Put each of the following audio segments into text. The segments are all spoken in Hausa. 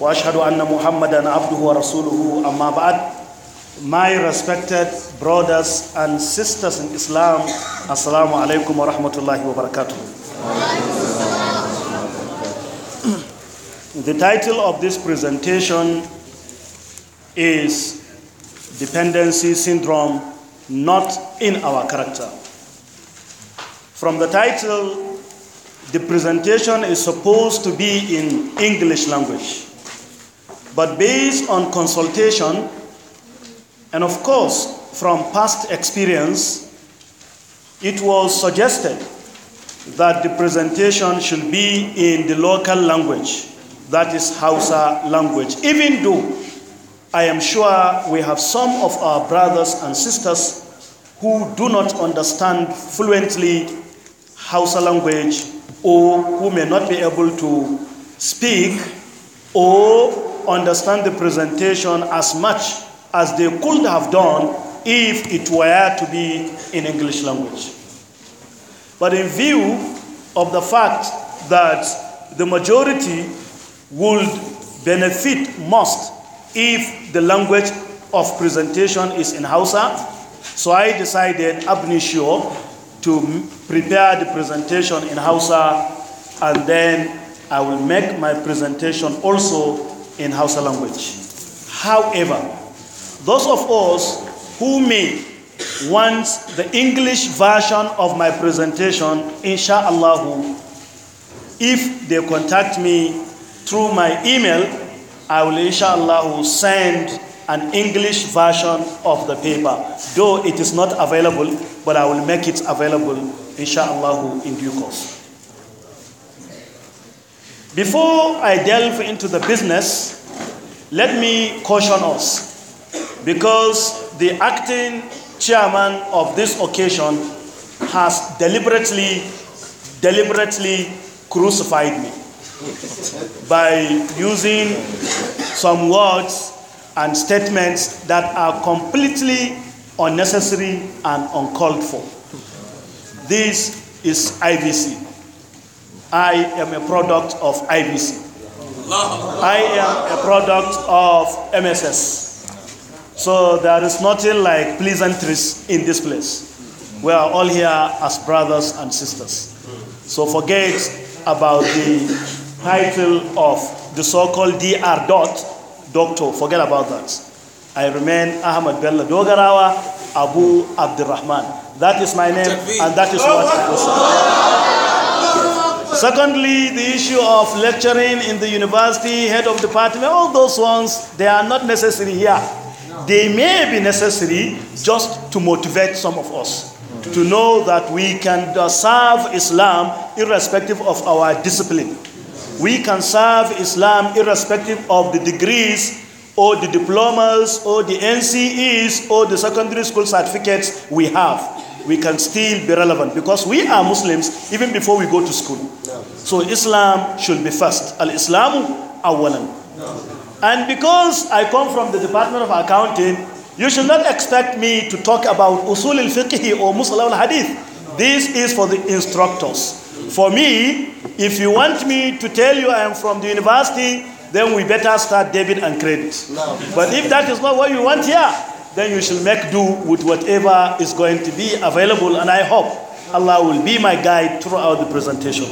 واشهد ان محمدا عبده ورسوله اما بعد my respected brothers and sisters in islam assalamu alaikum wa rahmatullahi wa barakatuh the title of this presentation is dependency syndrome not in our character from the title the presentation is supposed to be in english language but based on consultation and, of course, from past experience, it was suggested that the presentation should be in the local language, that is Hausa language, even though I am sure we have some of our brothers and sisters who do not understand fluently Hausa language or who may not be able to speak or understand the presentation as much as they could have done if it were to be in English language. But in view of the fact that the majority would benefit most if the language of presentation is in Hausa, so I decided ab initio to prepare the presentation in Hausa and then I will make my presentation also in Hausa language. However, those of us who may want the English version of my presentation, inshallah, if they contact me through my email, I will inshallah send an English version of the paper, though it is not available, but I will make it available inshallah in due course. Before I delve into the business, let me caution us because the acting chairman of this occasion has deliberately, deliberately crucified me by using some words and statements that are completely unnecessary and uncalled for. This is IVC. I am a product of IBC. I am a product of MSS. So there is nothing like pleasantries in this place. We are all here as brothers and sisters. So forget about the title of the so called DR dot doctor. Forget about that. I remain Ahmad Bello Dogarawa Abu Abdurrahman. That is my name, and that is what I was. Secondly, the issue of lecturing in the university, head of department, all those ones, they are not necessary here. They may be necessary just to motivate some of us to know that we can uh, serve Islam irrespective of our discipline. We can serve Islam irrespective of the degrees or the diplomas or the NCEs or the secondary school certificates we have we can still be relevant because we are Muslims even before we go to school. No. So Islam should be first. Al Islamu awalan. And because I come from the Department of Accounting, you should not expect me to talk about usul al fiqh or musal al hadith. This is for the instructors. For me, if you want me to tell you I am from the university, then we better start debit and credit. No. But if that is not what you want here, yeah. then you shall make do with whatever is going to be available and I hope Allah will be my guide throughout the presentation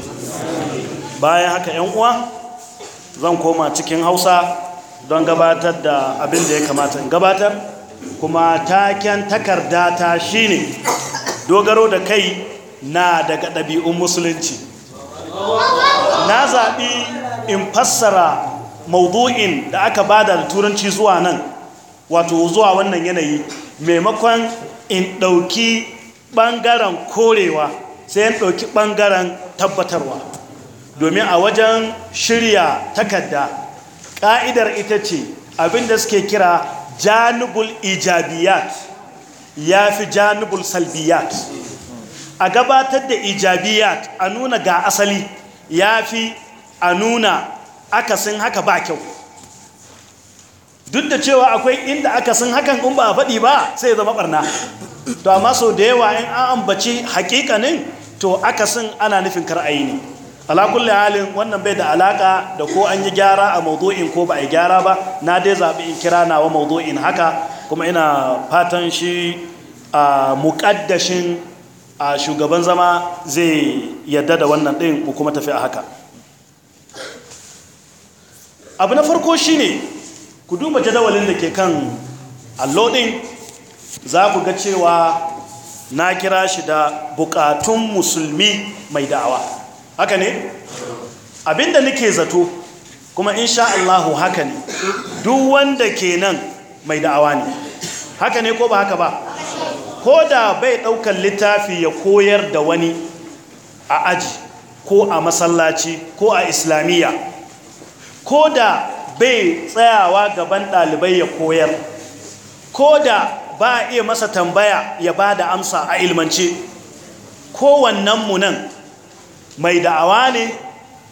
bayan haka yan uwa zan koma cikin Hausa don gabatar da abin da ya kamata gabatar kuma taken takarda ta shine dogaro da kai na daga ɗabi'un musulunci na zaɓi in fassara maudu'in da aka bada da turanci zuwa nan wato zuwa wannan yanayi maimakon in ɗauki ɓangaren korewa sai in ɗauki ɓangaren tabbatarwa domin a wajen shirya takarda ƙa'idar ita ce abinda suke kira janubul ijabiyat ya fi janubul salbiyat a gabatar da ijabiyat a nuna ga asali ya fi a nuna akasin haka ba kyau duk da cewa akwai inda aka san hakan in ba a faɗi ba sai zama barna to amma so da yawa in an ambaci hakikanin to aka akasin ana nufin kar'ayi ne alakulli halin wannan bai da alaƙa da ko an yi gyara a maudu'in ko ba a yi gyara ba na dai zaɓi in kira nawa maudu'in haka kuma ina fatan shi a muƙaddashin a shugaban zama zai yadda da wannan ɗin mu kuma tafi a haka abu na farko shine ne ku duba jadawalin da ke kan allodin za ku ga cewa na kira shi da bukatun musulmi mai da'awa haka ne abinda nake zato kuma insha Allahu haka ne duk wanda ke nan mai da'awa ne haka ne ko ba haka ba ko da bai ɗaukar littafi ya koyar da wani a aji ko a masallaci ko a islamiyya ko da bai tsayawa gaban ɗalibai ya koyar ko da ba a iya masa tambaya ya ba da amsa a ilmance mu nan mai da'awa ne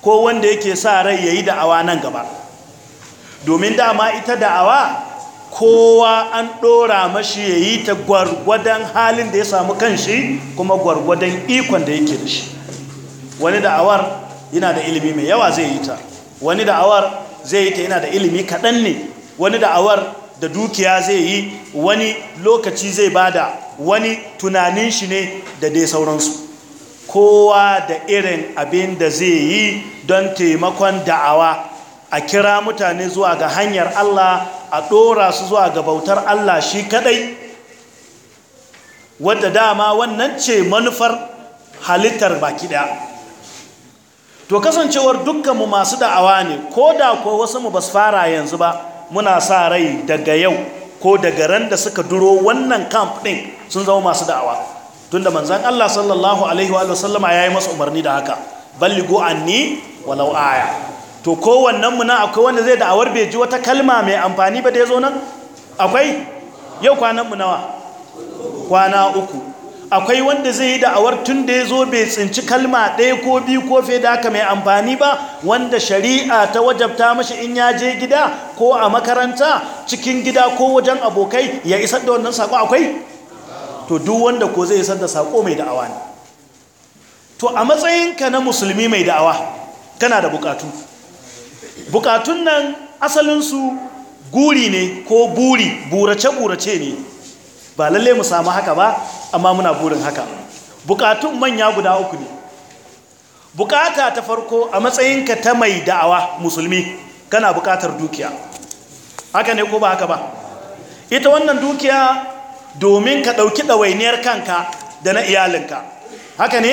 ko wanda yake sa rai ya yi da'awa nan gaba domin dama ita da'awa kowa an ɗora mashi ya yi ta gwargwadon halin da ya samu kan shi kuma gwargwadon ikon da yake da shi wani da'awar yana da ilimi mai yawa zai yi ta wani da'awar zai yi ta yana da ilimi kaɗan ne wani da'awar da dukiya zai yi wani lokaci zai bada wani tunanin shi ne da dai sauransu kowa da irin abin da zai yi don taimakon da'awa a kira mutane zuwa ga hanyar Allah a ɗora su zuwa ga bautar Allah shi kaɗai wadda dama wannan ce manufar halittar baki ɗaya to kasancewar dukkanmu masu da'awa ne ko da ko wasu mu basu fara yanzu ba muna sa rai daga yau ko daga ran da suka duro wannan camp din sun zama masu da'awa tunda manzan Allah sallallahu alaihi wa sallama ya yi masa umarni da haka balligu anni walau aya to wannan mu na akwai wanda zai da'awar bai ji wata kalma mai amfani ba da zo nan akwai yau kwanan mu nawa kwana uku akwai wanda zai yi da'awar tun da ya zo bai tsinci kalma ɗaya ko biyu ko fiye da haka mai amfani ba wanda shari'a ta wajabta mashi in ya je gida ko a makaranta cikin gida ko wajen abokai ya isar da wannan sako akwai to duk wanda ko zai isar da sako mai da'awa ne to a matsayinka na musulmi mai da'awa kana da bukatu bukatun nan asalinsu guri ne ko buri burace-burace ne ba lalle mu samu haka ba amma muna burin haka bukatun manya guda uku ne bukata ta farko a matsayinka ta mai da'awa musulmi kana bukatar dukiya haka ne ko ba haka ba ita wannan dukiya domin ka ɗauki ɗawainiyar kanka da na iyalinka haka ne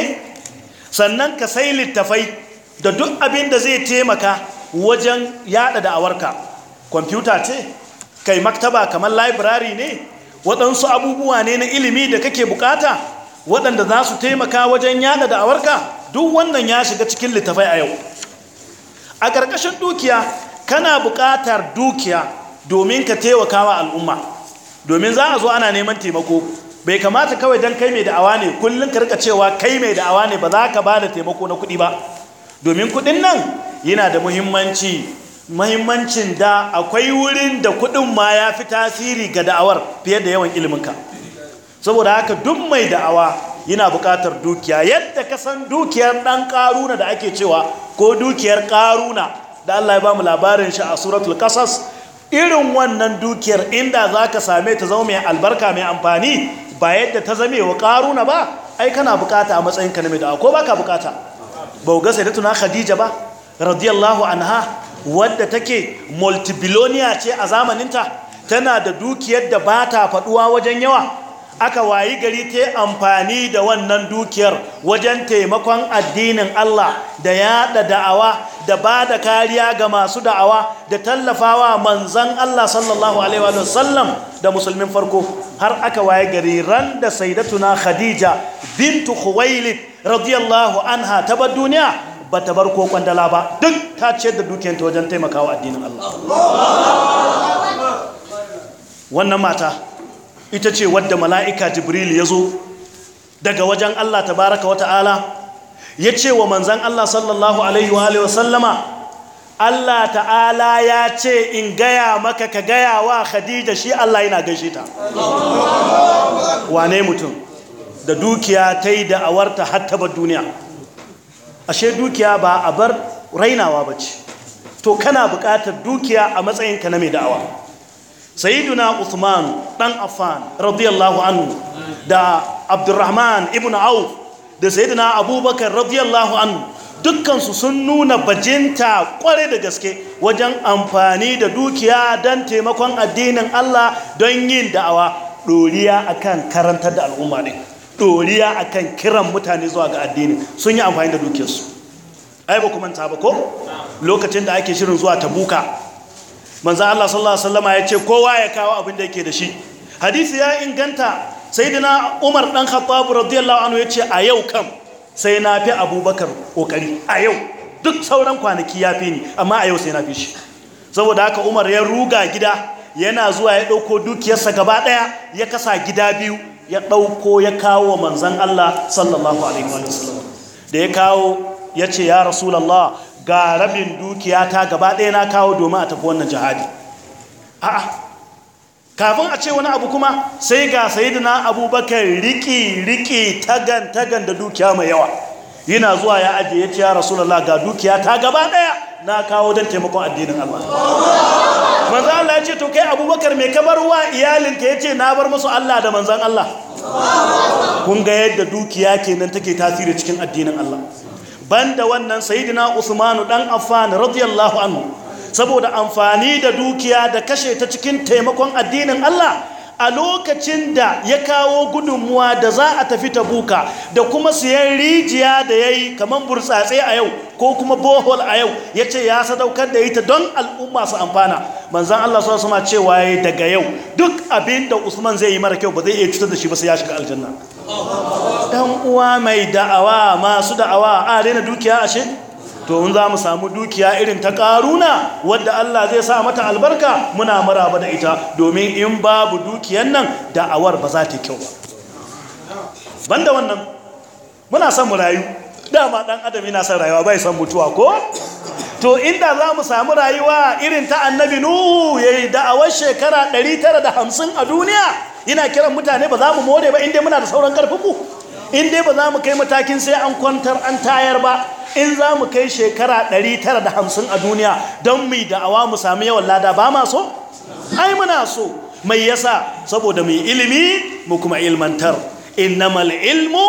sannan ka sai littafai da duk abin da zai taimaka wajen yada da'awarka kwamfuta ce kai maktaba kamar library ne waɗansu abubuwa ne na ilimi da kake bukata waɗanda za su taimaka wajen yada da'awarka duk wannan ya shiga cikin littafai a yau a ƙarƙashin dukiya kana buƙatar dukiya domin ka taimakawa al'umma domin za a zo ana neman taimako bai kamata kawai don kai mai da'awa ne kullum ka rika cewa kai mai da'awa ne ba za ka ba da taimako na kuɗi ba domin kuɗin nan yana da muhimmanci mahimmancin da akwai wurin da kudin ma ya fi tasiri ga da'awar fiye da yawan iliminka saboda haka duk mai da'awa yana bukatar dukiya yadda ka san dukiyar ɗan karuna da ake cewa ko dukiyar ƙaruna da Allah ya ba mu labarin shi a suratul kasas irin wannan dukiyar inda za ka same ta zama mai albarka mai amfani ba yadda ta zame wa ƙaruna ba ai kana bukata a matsayinka na mai da'awa ko ba ka buƙata ba ga sai da tuna khadija ba radiyallahu anha wadda take multibiloniya ce a zamaninta tana da dukiyar da ba ta faduwa wajen yawa aka wayi gari ta amfani da wannan dukiyar wajen taimakon addinin Allah da yada da'awa da ba da kariya ga masu da'awa da tallafawa manzan Allah sallallahu alaihi wa sallam da musulmin farko har aka wayi gari ran da Saidatuna Khadija bintu Khuwailid radiyallahu anha ta bar duniya ba ta bar ko kwandala ba duk ta ce da dukiyanta wajen taimakawa addinin Allah wannan mata ita ce wadda mala'ika jibril ya zo daga wajen Allah baraka wa ta'ala ya ce wa manzan Allah sallallahu alaihi wa sallama Allah ta'ala ya ce in gaya maka ka gaya wa Khadija shi Allah yana gaishe ta wane mutum da dukiya ta yi da awarta hattaba duniya ashe dukiya ba a bar rainawa ba ce to kana bukatar dukiya a matsayinka na mai da'awa sayiduna usman dan Afan radiyallahu anhu da abdurrahman ibn auf da sayyiduna abubakar radiyallahu anhu dukkansu sun nuna bajinta kware da gaske wajen amfani da dukiya don taimakon addinin Allah don yin da'awa doriya akan karantar da al'umma ne doriya kan kiran mutane zuwa ga addini sun yi amfani da dukiyarsu ai ba kuma ta ba ko lokacin da ake shirin zuwa tabuka manzan Allah sallallahu alaihi wasallama ya ce kowa ya kawo abin da yake da shi hadisi ya inganta sayyidina Umar dan Khattab radiyallahu anhu ya ce a yau kam sai na fi Abubakar kokari a yau duk sauran kwanaki ya fi ni amma a yau sai na fi shi saboda haka Umar ya ruga gida yana zuwa ya ɗauko dukiyarsa gaba ɗaya ya kasa gida biyu ya ɗauko ya kawo wa manzan Allah sallallahu alaihi wasallam da ya kawo ya ce ya rasulallah ga rabin dukiya ta gaba ɗaya na kawo domin a tafi wannan jihadi a'a kafin a ce wani abu kuma sai ga sayidina abubakar riki riki tagan tagan da dukiya mai yawa yana zuwa ya ajiye ya ce ya rasulallah ga dukiya ta gaba ɗaya na kawo don taimakon addinin Allah manzan Allah ya ce to kai abubakar mai kamar wa iyalinka ya ce na bar musu Allah da manzan Allah kun ga yadda dukiya kenan take tasiri cikin addinin Allah banda wannan sayidina usmanu ɗan affan radiyallahu anhu saboda amfani da dukiya da kashe ta cikin taimakon addinin Allah a lokacin da ya kawo gudunmuwa da za a tafi ta buka da kuma siyan rijiya da ya yi kamar burtsatse a yau ko kuma bohol a yau ya ce ya sadaukar da ita don al'umma su amfana manzan Allah su suna cewa ya daga yau duk abin da usman zai yi mara kyau ba zai iya cutar da shi ba sai ya shiga aljanna dan uwa mai da'awa masu da'awa a daina dukiya ashe to in za mu samu dukiya irin ta karuna wadda Allah zai sa mata albarka muna maraba da ita domin in babu dukiyan nan da'awar ba za ta kyau ba banda wannan muna son mu rayu dama dan adam yana son rayuwa bai son mutuwa ko to inda za mu samu rayuwa irin ta annabi nuhu ya yi da'awar shekara 950 a duniya yana kiran mutane ba za mu more ba inda muna da sauran karfi ku in dai ba za mu kai matakin sai an kwantar an tayar ba in za mu kai shekara 950 a duniya don mu da'awa mu sami yawan lada ba ma so? ai muna so mai yasa saboda mu ilimi mu kuma ilmantar innamal ilmu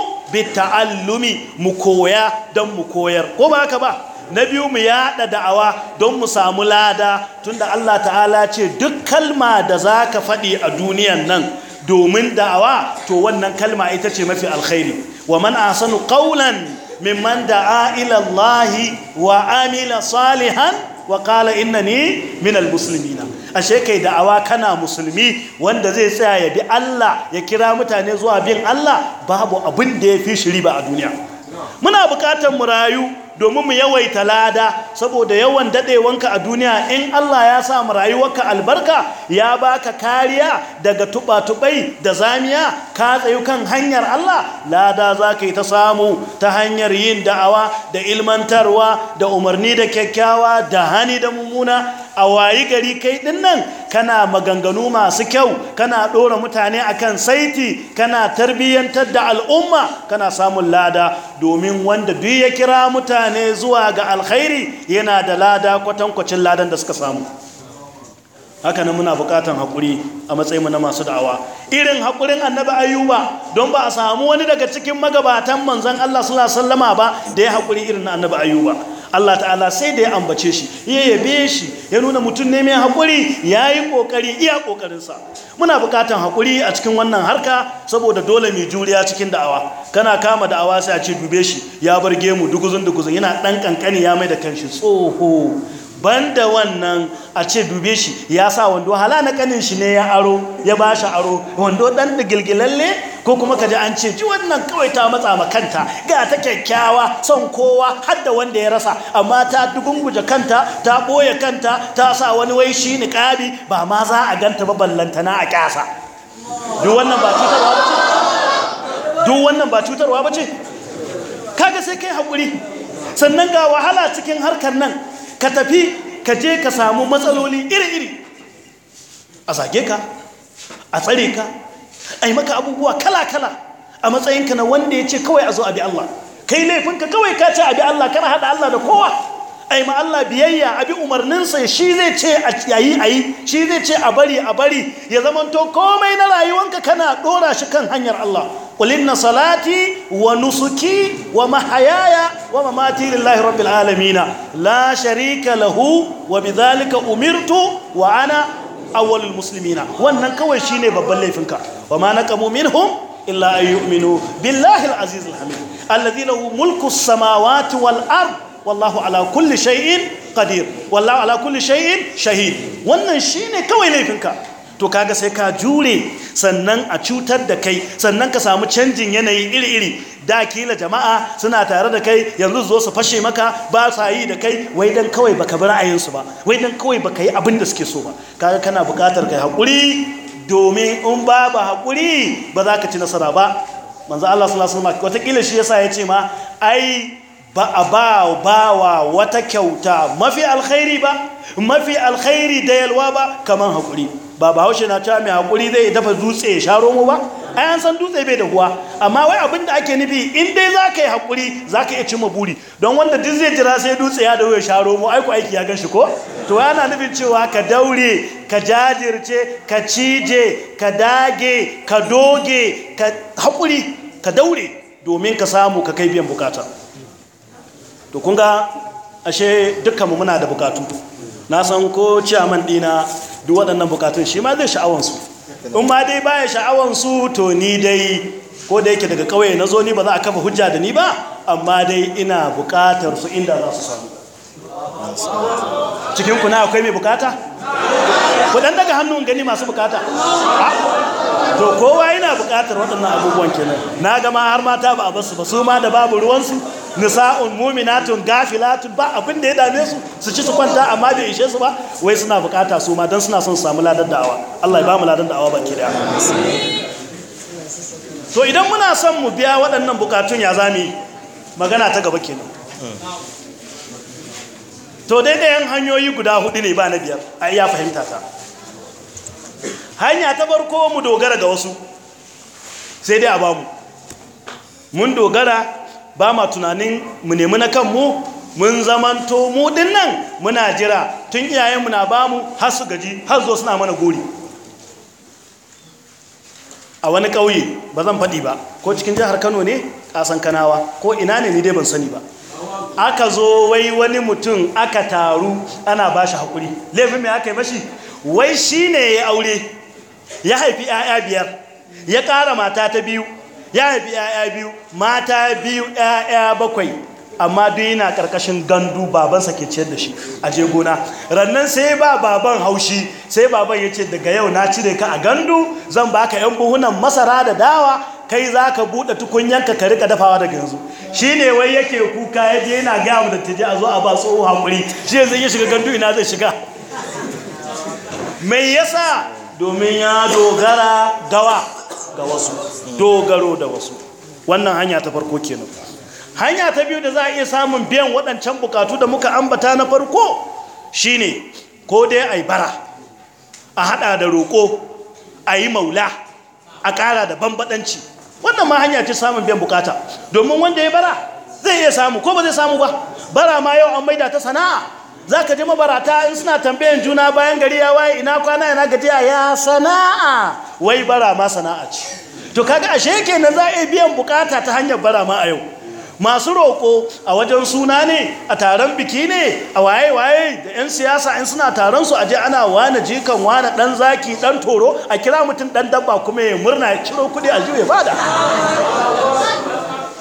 ta'allumi mu koya don mu koyar ko ba haka ba na biyu mu yada da'awa don mu samu lada tunda Allah ta'ala ce duk kalma da za ka faɗi a duniyan nan domin da'awa to wannan kalma ita ce mafi alkhairi wa man ahsanu qawlan mimman da'a ila Allah wa amila salihan wa qala innani minal muslimina ashe kai da'awa kana musulmi wanda zai tsaya ya bi Allah ya kira mutane zuwa bin Allah babu abin da ya fi shiri ba a duniya muna bukatar mu rayu domin mu yawaita lada saboda yawan dadewanka a duniya in Allah ya sa mu rayuwarka albarka ya baka kariya daga tuba-tubai da zamiya ka tsayu kan hanyar Allah lada ka yi ta samu ta hanyar yin da'awa da ilmantarwa da umarni da kyakkyawa da hani da mummuna a wayi gari kai din nan kana maganganu masu kyau kana ɗora mutane akan saiti kana tarbiyyantar da al'umma kana samun lada domin wanda duk ya kira mutane zuwa ga alkhairi yana da lada kwatankwacin ladan da suka samu haka nan muna bukatan haƙuri a matsayinmu na masu da'awa irin haƙurin annabi ayyuba don ba a samu wani daga cikin magabatan manzon Allah sallallahu alaihi ba da ya haƙuri irin na annabi ayyuba Allah ta'ala sai da ya ambace shi ya yabe shi ya nuna mutum ne mai haƙuri ya yi ƙoƙari iya ƙoƙarinsa muna buƙatan hakuri a cikin wannan harka saboda dole mai juriya cikin da'awa kana kama da'awa sai a ce dube shi ya bar gemu duguzun duguzun yana ɗan ƙanƙani ya mai da kanshi tsoho banda wannan a ce dube shi ya sa wando hala na kanin shi ne ya aro ya ba shi aro wando dan gilgilalle ko kuma kaji an ce ji wannan kawai ta matsa ma kanta ga ta kyakkyawa son kowa har da wanda ya rasa amma ta dugunguje kanta ta boye kanta ta sa wani wai shi niqabi ba ma za a ganta ba ballantana a kyasa duk wannan ba cutarwa ce duk wannan ba cutarwa ce kaga sai kai hakuri sannan ga wahala cikin harkar nan ka tafi ka je ka samu matsaloli iri-iri a zage ka a tsare ka a yi maka abubuwa kala-kala a matsayinka na wanda ya ce kawai a zo a bi Allah kai laifinka kawai ka ce a bi Allah kana haɗa Allah da kowa a yi Allah biyayya a bi umarninsa shi zai ce a yayi a yi shi zai ce a bari a bari ya zamanto komai na rayuwanka kana ɗora shi kan hanyar Allah qul salati wa nusuki wa mahayaya wa mamati lillahi rabbil alamin la sharika lahu wa bidhalika umirtu wa ana awwalul muslimina wannan kawai shine babban laifinka wa ma naqamu minhum illa an yu'minu billahi al-aziz al-hamid alladhi lahu mulku as-samawati wal-ard wallahu ala kulli shay'in qadir wallahu ala kulli shay'in shahid wannan shine kawai laifinka to kaga sai ka jure sannan a cutar da kai sannan ka samu canjin yanayi iri-iri da kila jama'a suna tare da kai yanzu zo su fashe maka ba sa yi da kai wai dan kawai baka bi ra'ayinsu ba wai dan kawai baka yi abin da suke so ba kaga kana buƙatar kai hakuri. domin in ba hakuri. ba za ka ci nasara ba manzo Allah sallallahu alaihi wasallam kila shi yasa ya ce ma ai ba a ba bawa wata kyauta mafi alkhairi ba mafi alkhairi da yalwa ba kaman hakuri. ba ba bahaushe na cewa mai hakuri zai dafa dutse ya sha romo ba ai an san dutse bai da kuwa amma wai abin da ake nufi in dai za ka yi hakuri za ka iya cimma buri don wanda duk zai jira sai dutse ya dawo ya sha romo aiku aiki ya gan shi ko to yana nufin cewa ka daure ka jajirce ka cije ka dage ka doge ka haƙuri ka daure domin ka samu ka kai biyan bukata to kun ga ashe dukkanmu muna da bukatu na san ko ciyaman dina duk waɗannan bukatun shi ma zai sha'awansu in ma dai baya sha'awansu to ni dai ko da yake daga ƙauye na zo ni ba za a kafa hujja da ni ba amma dai ina bukatar su inda za su samu cikin kuna akwai mai bukata? kudan daga hannun gani masu bukata to kowa yana bukatar waɗannan abubuwan kenan na gama har mata ba a basu ba su ma da babu ruwansu nisa'un mu'minatun gafilatun ba abin da ya dame su su ci su kwanta amma bai ishe su ba wai suna bukata su ma don suna son su samu ladan da'awa Allah ya ba mu ladan da'awa baki da to idan muna son mu biya waɗannan bukatun ya zami magana ta gaba kenan to dai yan hanyoyi guda hudu ne ba na biyar a iya fahimta ta hanya ta farko mu dogara ga wasu sai dai a bamu mun dogara ba ma tunanin mu nemi na kanmu mun zamanto mu dinnan muna jira tun iyayenmu na ba mu har su gaji har zo suna mana gori a wani ƙauye ba zan faɗi ba ko cikin jihar kano ne ƙasan kanawa ko ina ne ni dai ban sani ba aka zo wai wani mutum aka taru ana ba shi haƙuri laifin mai aka yi mashi wai shi ne ya aure ya haifi 'ya'ya biyar ya ƙara mata ta biyu ya haifi ‘ya'ya biyu mata biyu ‘ya'ya bakwai amma duk yana ƙarƙashin gandu babansa ke ciyar da shi a jegona gona rannan sai ba baban haushi sai baban ya ce daga yau na cire ka a gandu zan baka ‘yan buhunan masara da dawa kai za ka buɗe tukunyanka ka rika dafawa daga yanzu shi ne wai yake kuka ya je yana gaya wa ta je a zo a ba tsoho haƙuri shi yanzu ya shiga gandu ina zai shiga mai yasa domin ya dogara gawa ga wasu dogaro da wasu wannan hanya ta farko kenan hanya ta biyu da za a iya samun biyan waɗancan bukatu da muka ambata na farko shine ko dai a yi bara a haɗa da roƙo a yi maula a ƙara da bambaɗanci wannan ma hanya ce samun biyan bukata domin wanda ya bara zai iya samu ko ba zai samu ba bara ma yau an maida ta sana'a za ka ji mabarata in suna tambayan juna bayan gari ya waye ina kwana ina gajiya ya sana'a wai bara ma sana'a ce to kaga ashe nan za a yi biyan bukata ta hanyar bara ma a yau masu roƙo a wajen suna ne a taron biki ne a waye-waye da 'yan siyasa in suna taron su aje ana wane jikan wane dan zaki ɗan toro a kira mutum ɗan dabba kuma ya murna ya ciro kuɗi a ya bada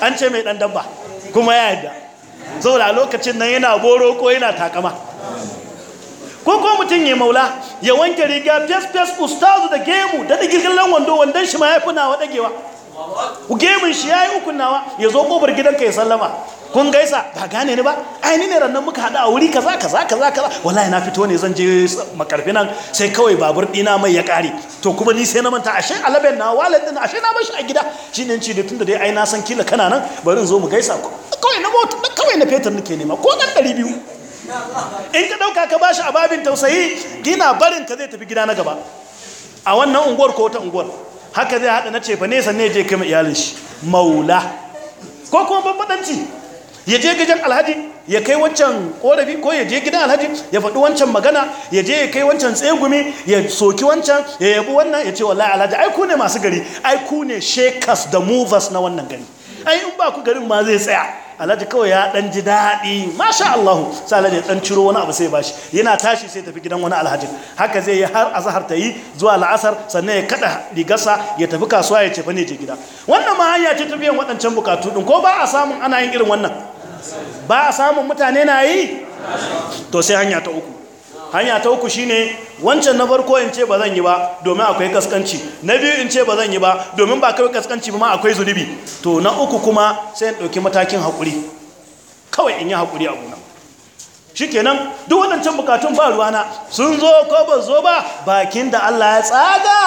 an ce mai dan dabba kuma ya yadda saboda lokacin nan yana boro ko yana takama ko ko mutum ya maula ya wanke riga fes fes ustazu da gemu da digirgirlan wando wandon shi ma ya fi wadagewa gemin shi ya yi nawa ya zo kofar gidanka ya sallama kun gaisa ba gane ni ba ai ni ne rannan muka haɗu a wuri kaza kaza kaza kaza wallahi na fito ne zan je makarfi nan sai kawai babur ɗina mai ya kare to kuma ni sai na manta ashe alaben na walad din ashe na bar a gida shi ne ci da tunda dai aina san kila kana nan bari in zo mu gaisa kawai na kawai na fetur nake nema ko ɗan ɗari biyu in ka ɗauka ka bashi a babin tausayi gina barin ka zai tafi gida na gaba a wannan unguwar ko wata unguwar haka zai haɗa na ce cefa nesa ne je kama iyalin shi maula ko kuma bambadanci ya je gidan alhaji ya kai wancan korafi ko ya je gidan alhaji ya faɗi wancan magana ya je ya kai wancan tsegumi ya soki wancan ya yabi wannan ya ce wallahi alhaji ai ku ne masu gari ai ku ne shekas da movers na wannan gari ai in ba ku garin ma zai tsaya alhaji kawai ya dan ji daɗi masha Allahu sai alhaji dan ciro wani abu sai ba shi yana tashi sai tafi gidan wani alhaji haka zai yi har azhar ta yi zuwa la'asar sannan ya kaɗa rigarsa ya tafi kasuwa ya ce fa ne je gida wannan ma hanya ce ta biyan waɗancan bukatu din ko ba a samun ana yin irin wannan ba a samun mutane na yi to sai hanya ta uku hanya ta uku shine wancan na farko in ce ba zan yi ba domin akwai kaskanci na biyu in ce ba zan yi ba domin ba kai kaskanci ba ma akwai zunubi to na uku kuma sai in ɗauki matakin hakuri kawai in yi hakuri a gona kenan duk waɗancan bukatun ba ruwana sun zo ko ba zo ba bakin da Allah ya tsaga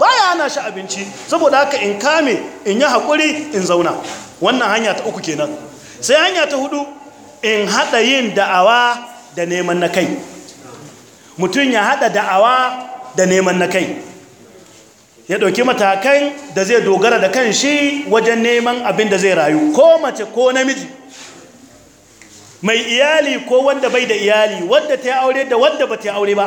baya hana shi abinci saboda haka in kame in yi hakuri in zauna wannan hanya ta uku kenan sai hanya ta hudu in haɗa yin da'awa da neman na kai mutum ya haɗa da'awa da neman na kai ya ɗauki matakan da zai dogara da kan shi wajen neman abin da zai rayu ko mace ko namiji mai iyali ko wanda bai da iyali wadda ta yi aure da wadda ba ta yi aure ba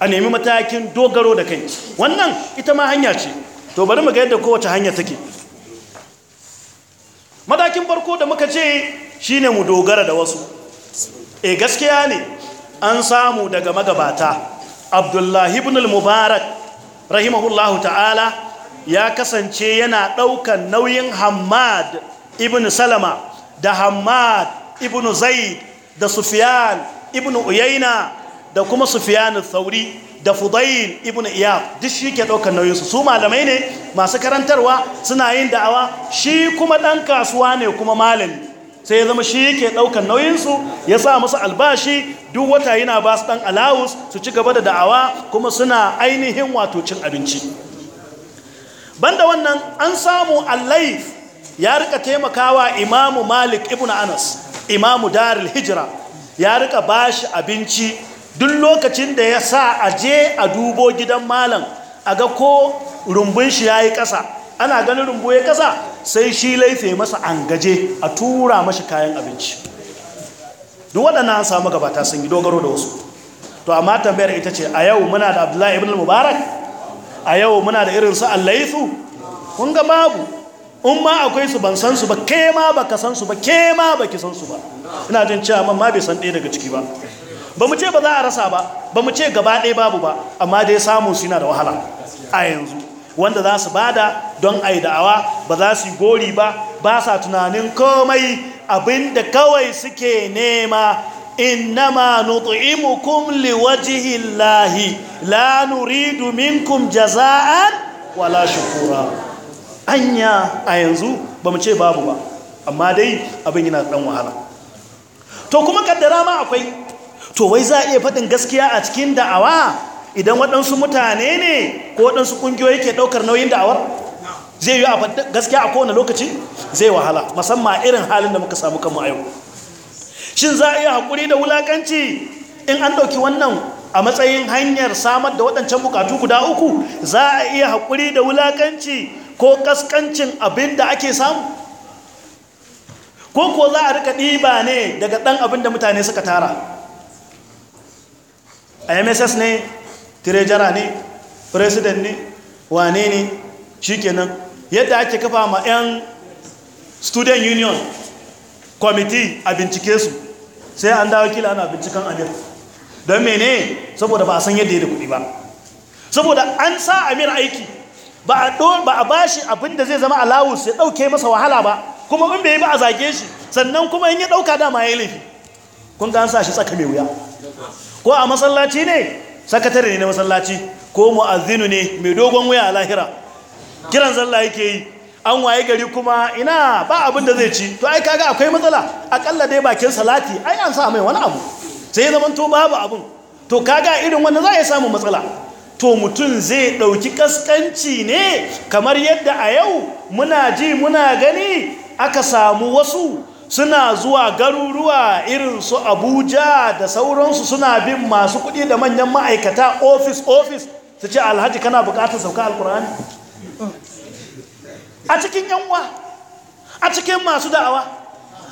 a nemi matakin dogaro da kai wannan ita ma hanya ce to bari mu ga yadda kowace hanya take matakin farko da muka ce shine mu dogara da wasu e gaskiya ne an samu daga magabata abdullahi ibn al-mubarak rahimahullahu ta'ala ya kasance yana ɗaukan nauyin hamad ibn salama da hamad ibn zaid da sufiyan ibn uyaina da kuma sufiyan thauri da fudail ibn Iyaf duk shi ke ɗaukan nauyinsu su malamai ne masu karantarwa suna yin da'awa shi kuma ɗan kasuwa ne kuma malami sai ya zama shi yake ɗaukan nauyinsu ya sa musu albashi duk wata yana ba su ɗan alawus su ci gaba da da'awa kuma suna ainihin wato cin abinci banda wannan an samu allaif ya rika taimakawa imamu malik ibn anas imamu daril hijira ya rika bashi abinci duk lokacin da ya sa a je a dubo gidan malam a ga ko rumbun shi ya yi ƙasa ana ganin rumbu ya kasa sai shi laife masa an gaje a tura mashi kayan abinci duk waɗannan an samu gabata sun yi dogaro da wasu to amma tambayar ita ce a yau muna da abdullahi ibn mubarak a yau muna da irin su Allaisu kun ga babu in ma akwai su ban san su ba ke ma ba ka san su ba ke ma ba ki san su ba ina jin cewa man ma bai san ɗaya daga ciki ba ba mu ce ba za a rasa ba ba mu ce gaba ɗaya babu ba amma dai samun su yana da wahala a yanzu wanda za su bada don a yi da'awa ba za su yi gori ba ba sa tunanin komai abinda kawai suke nema innama nut'imukum liwajhi llahi la nuridu minkum jaza'an wala shukura anya a yanzu bamu ce babu ba amma dai abin yana dan wahala to kuma kaddara ma akwai to wai za a iya faɗin gaskiya a cikin da'awa idan waɗansu mutane ne ko waɗansu ƙungiyoyi ke ɗaukar nauyin da'awar zai yi a gaskiya a kowane lokaci zai wahala musamman irin halin da muka samu kanmu a yau shin za a iya haƙuri da wulaƙanci in an ɗauki wannan a matsayin hanyar samar da waɗancan buƙatu guda uku za a iya haƙuri da wulaƙanci ko ƙasƙancin abin da ake samu ko ko za a rika ɗiba ne daga ɗan abin da mutane suka tara a mss ne tirejara ne president ne wane ne shikenan yadda ake kafa ma 'yan student union committee a bincike su sai an dawo kila ana binciken amir don mene saboda ba a san yadda ya da kudi ba saboda an sa amir aiki ba a ba shi abin da zai zama alawus ya ɗauke masa wahala ba kuma in bai yi ba a zage shi sannan kuma in ya ɗauka dama ya yi laifi kun ga an sa shi tsaka mai wuya ko a masallaci ne sakatare ne na masallaci ko mu'azzinu ne mai dogon waya a lahira kiran zalla yake yi an waye gari kuma ina ba abin da zai ci to ai kaga akwai matsala akalla dai bakin salati ai an sa mai wani abu sai zaman to babu abin to kaga irin wanda za ya samu matsala to mutum zai ɗauki kaskanci ne kamar yadda a yau muna ji muna gani aka samu wasu suna zuwa garuruwa irin su abuja da sauransu suna bin masu kudi da manyan ma'aikata ofis ofis su ce alhaji kana bukatar sauka alkur'ani a cikin yanwa a cikin masu da'awa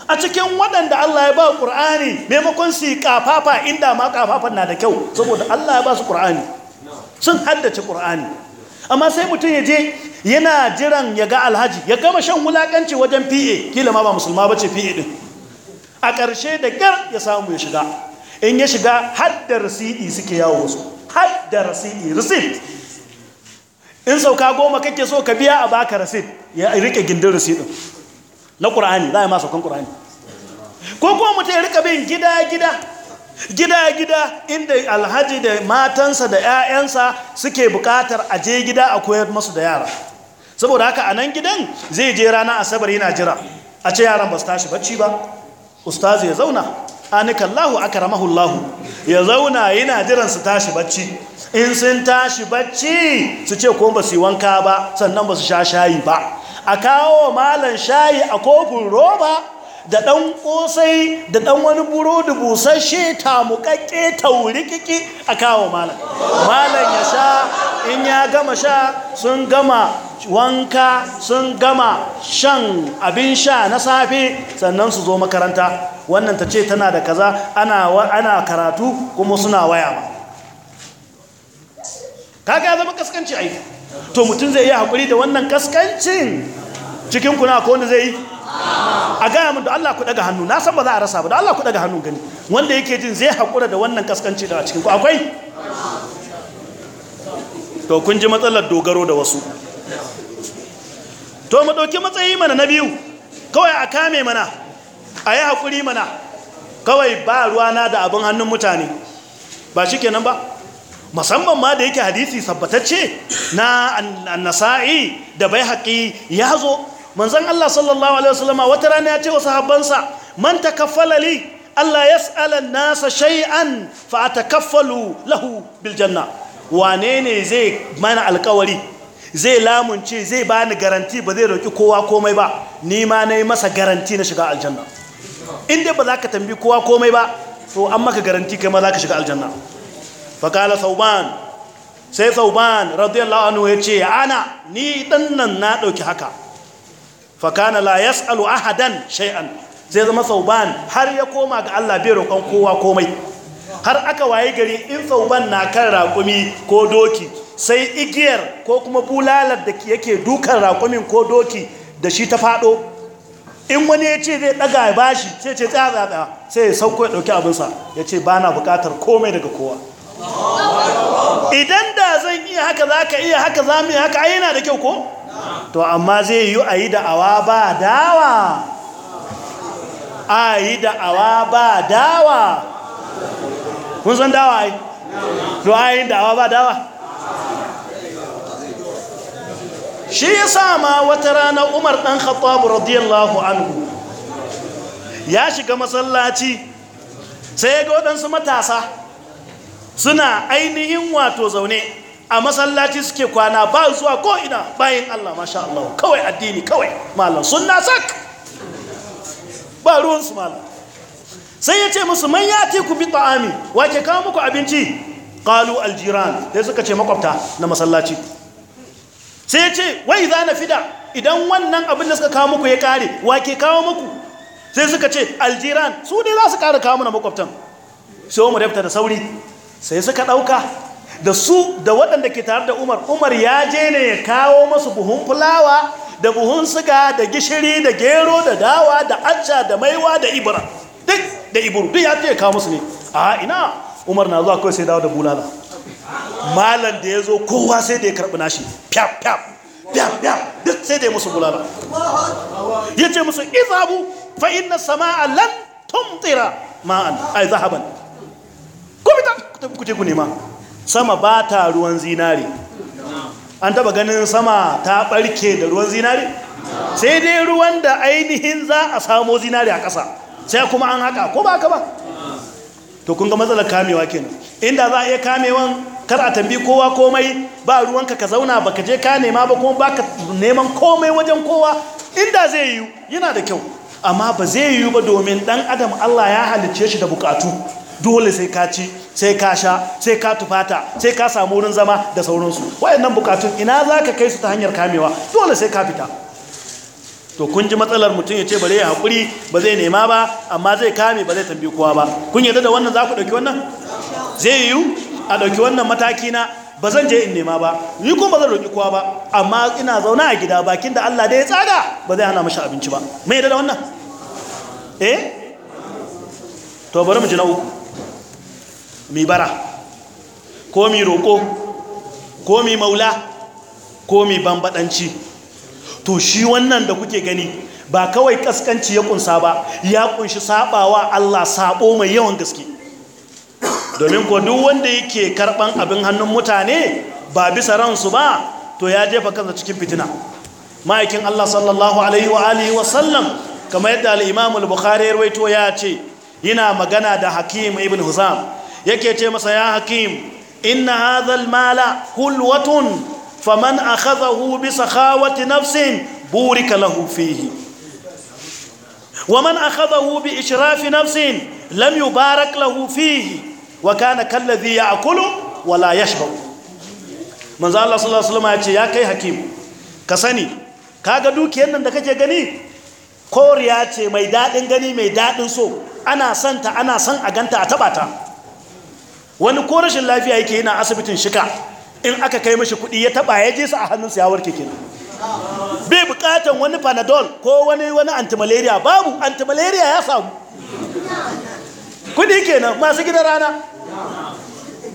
a cikin waɗanda allah ya ba ƙur'ani maimakon su yi ƙafafa inda ma kafafan na da kyau saboda allah ya ba su ƙur'ani sun haddace ƙur'ani amma sai mutum ya je yana jiran ya ga alhaji ya gama shan wulakanci wajen pa kila ma ba musulma ba ce pa din a ƙarshe da ƙyar ya samu ya shiga in ya shiga haddar rasidi suke yawo su haddar rasidi rasid in sauka goma kake so ka biya a baka rasid ya rike gindin rasidin na ƙur'ani za a yi masa kan ƙur'ani ko kuma mutum ya rika bin gida gida gida-gida inda alhaji da matansa da 'ya'yansa suke bukatar a je gida a koyar masu da yara saboda haka a nan gidan zai je rana asabar yana jira a ce yaran ba su tashi bacci ba ustazu ya zauna anikallahu akaramahullahu ya zauna yana jiran su tashi bacci in sun tashi bacci su ce ko ba su yi wanka ba sannan ba su sha shayi ba a kawo malan shayi a kofin roba da ɗan ƙosai da ɗan wani burodi busasshe tamuƙaƙƙe taurikiki a kawo malam malam ya sha in ya gama sha sun gama wanka sun gama shan abin sha na safe sannan su zo makaranta wannan ta ce tana da kaza ana karatu kuma suna waya ba kaga zama kaskanci aiki to mutum zai yi haƙuri da wannan kaskancin cikin kuna ko wanda zai yi a gaya mun da Allah ku daga hannu na san ba za a rasa ba da Allah ku daga hannu gani wanda yake jin zai haƙura da wannan kaskanci da a cikin ku akwai to kun ji matsalar dogaro da wasu to mu ɗauki matsayi mana na biyu kawai a kame mana a yi haƙuri mana kawai ba ruwa na da abin hannun mutane ba shi kenan ba musamman ma da yake hadisi sabbatacce na annasa'i da bai haƙi ya zo manzon Allah sallallahu alaihi wasallama wata rana ya ce wa sahabbansa man takaffala li Allah yas'ala an-nasa shay'an fa atakaffalu lahu biljanna. Wanene wane ne zai mana alkawari zai lamunce zai bani garanti ba zai roki kowa komai ba ni ma yi masa garanti na shiga aljanna inda ba za ka tambi kowa komai ba to an maka garanti kai ma za ka shiga aljanna fa sauban sai sauban radiyallahu anhu ya ce ana ni dan nan na ɗauki haka fakana la yas'alu ahadan shay'an zai zama sauban har ya koma ga Allah bai roƙon kowa komai har aka waye gari in sauban na kan raƙumi ko doki sai igiyar ko kuma bulalar da yake dukan raƙumin ko doki da shi ta faɗo in wani ya ce zai ɗaga ya bashi sai ce tsaya sai ya sauko ya ɗauki abinsa ya ce ba na buƙatar komai daga kowa idan da zan iya haka za ka iya haka za mu yi haka ai yana da kyau ko to amma zai yi a yi awa ba dawa a yi awa ba dawa kun san dawa ai to a yi awa ba dawa shi ya sa ma wata rana umar ɗan khattab radiyallahu anhu ya shiga masallaci sai ga waɗansu matasa suna ainihin wato zaune a masallaci suke kwana ba zuwa ko ina bayan Allah masha Allah kawai addini kawai malam sunna sak ba ruwan su malam sai ya ce musu man yati ku bi ta'ami wake kawo muku abinci kalu aljiran sai suka ce makwabta na masallaci sai ya ce wai za na fida idan wannan abin da suka kawo muku ya kare wake kawo muku sai suka ce aljiran su ne za su kara kawo mana makwabtan sai mu dafta da sauri sai suka dauka da su da waɗanda ke tare da umar umar ya je ne ya kawo masu buhun fulawa da buhun suga da gishiri da gero da dawa da acca da maiwa da ibra duk da iburu duk ya ce ya kawo musu ne a ina umar na zuwa kawai sai dawo da bulala malam da ya zo kowa sai da ya karɓi nashi fyaf fyaf fyaf fyaf duk sai da ya musu bulala ya ce musu izabu fa inna sama'a lan tumtira ma'an ai zahaban ku fita ku je ku nema sama ba ta ruwan zinari an taba ganin sama ta ɓarke da ruwan zinari sai dai ruwan da ainihin za a samo zinari a ƙasa sai kuma an haka ko ba ka ba to kun matsalar kamewa kenan inda za a iya kamewan kar a tambi kowa komai ba ruwanka ka zauna ba ka je ka nema ba kuma ka neman komai wajen kowa inda zai yiwu yana da kyau amma ba zai yiwu ba domin dan adam Allah ya halicce shi da bukatu dole sai ka ci sai ka sha sai ka tufata sai ka samu wurin zama da sauransu wayannan bukatun ina za ka kai su ta hanyar kamewa dole sai ka fita to kun ji matsalar mutum ya ce bare ya haƙuri ba zai nema ba amma zai kame ba zai tambi kowa ba kun yarda da wannan za ku ɗauki wannan zai yiwu a ɗauki wannan mataki na ba zan je in nema ba ni kuma zan roƙi kowa ba amma ina zauna a gida bakin da Allah da ya tsada ba zai hana mashi abinci ba mai da wannan eh to bari mu ji na uku mi bara ko mi roƙo ko mi maula ko mi bambaɗanci to shi wannan da kuke gani ba kawai ƙaskanci ya ƙunsa ba ya ƙunshi sabawa Allah sabo mai yawan gaske domin ko duk wanda yake karɓan abin hannun mutane ba bisa ransu ba to ya jefa kansa cikin fitina ma'aikin Allah sallallahu alaihi wa sallam kamar yadda alimamul bukhari ya ya ce yana magana da Hakim ibn Huzam yake ce masa ya hakim inna hadhal mala hulwatun faman akhadhahu bi sakhawati nafsin burika lahu fihi waman akhadhahu bi ishrafi nafsin lam yubarak lahu fihi wa kana kalladhi ya'kulu wa la yashbu manzo Allah sallallahu alaihi wasallam ya ce ya kai hakim ka sani kaga dukiyar nan da kake gani koriya ce mai daɗin gani mai daɗin so ana santa ana san a ganta a taɓata wani ko rashin lafiya yake yana asibitin shika in aka kai mashi kudi ya taba ya je su a hannun ya warke kenan bai bukatar wani panadol ko wani wani antimalaria babu antimalaria ya samu kuɗi kenan masu gida rana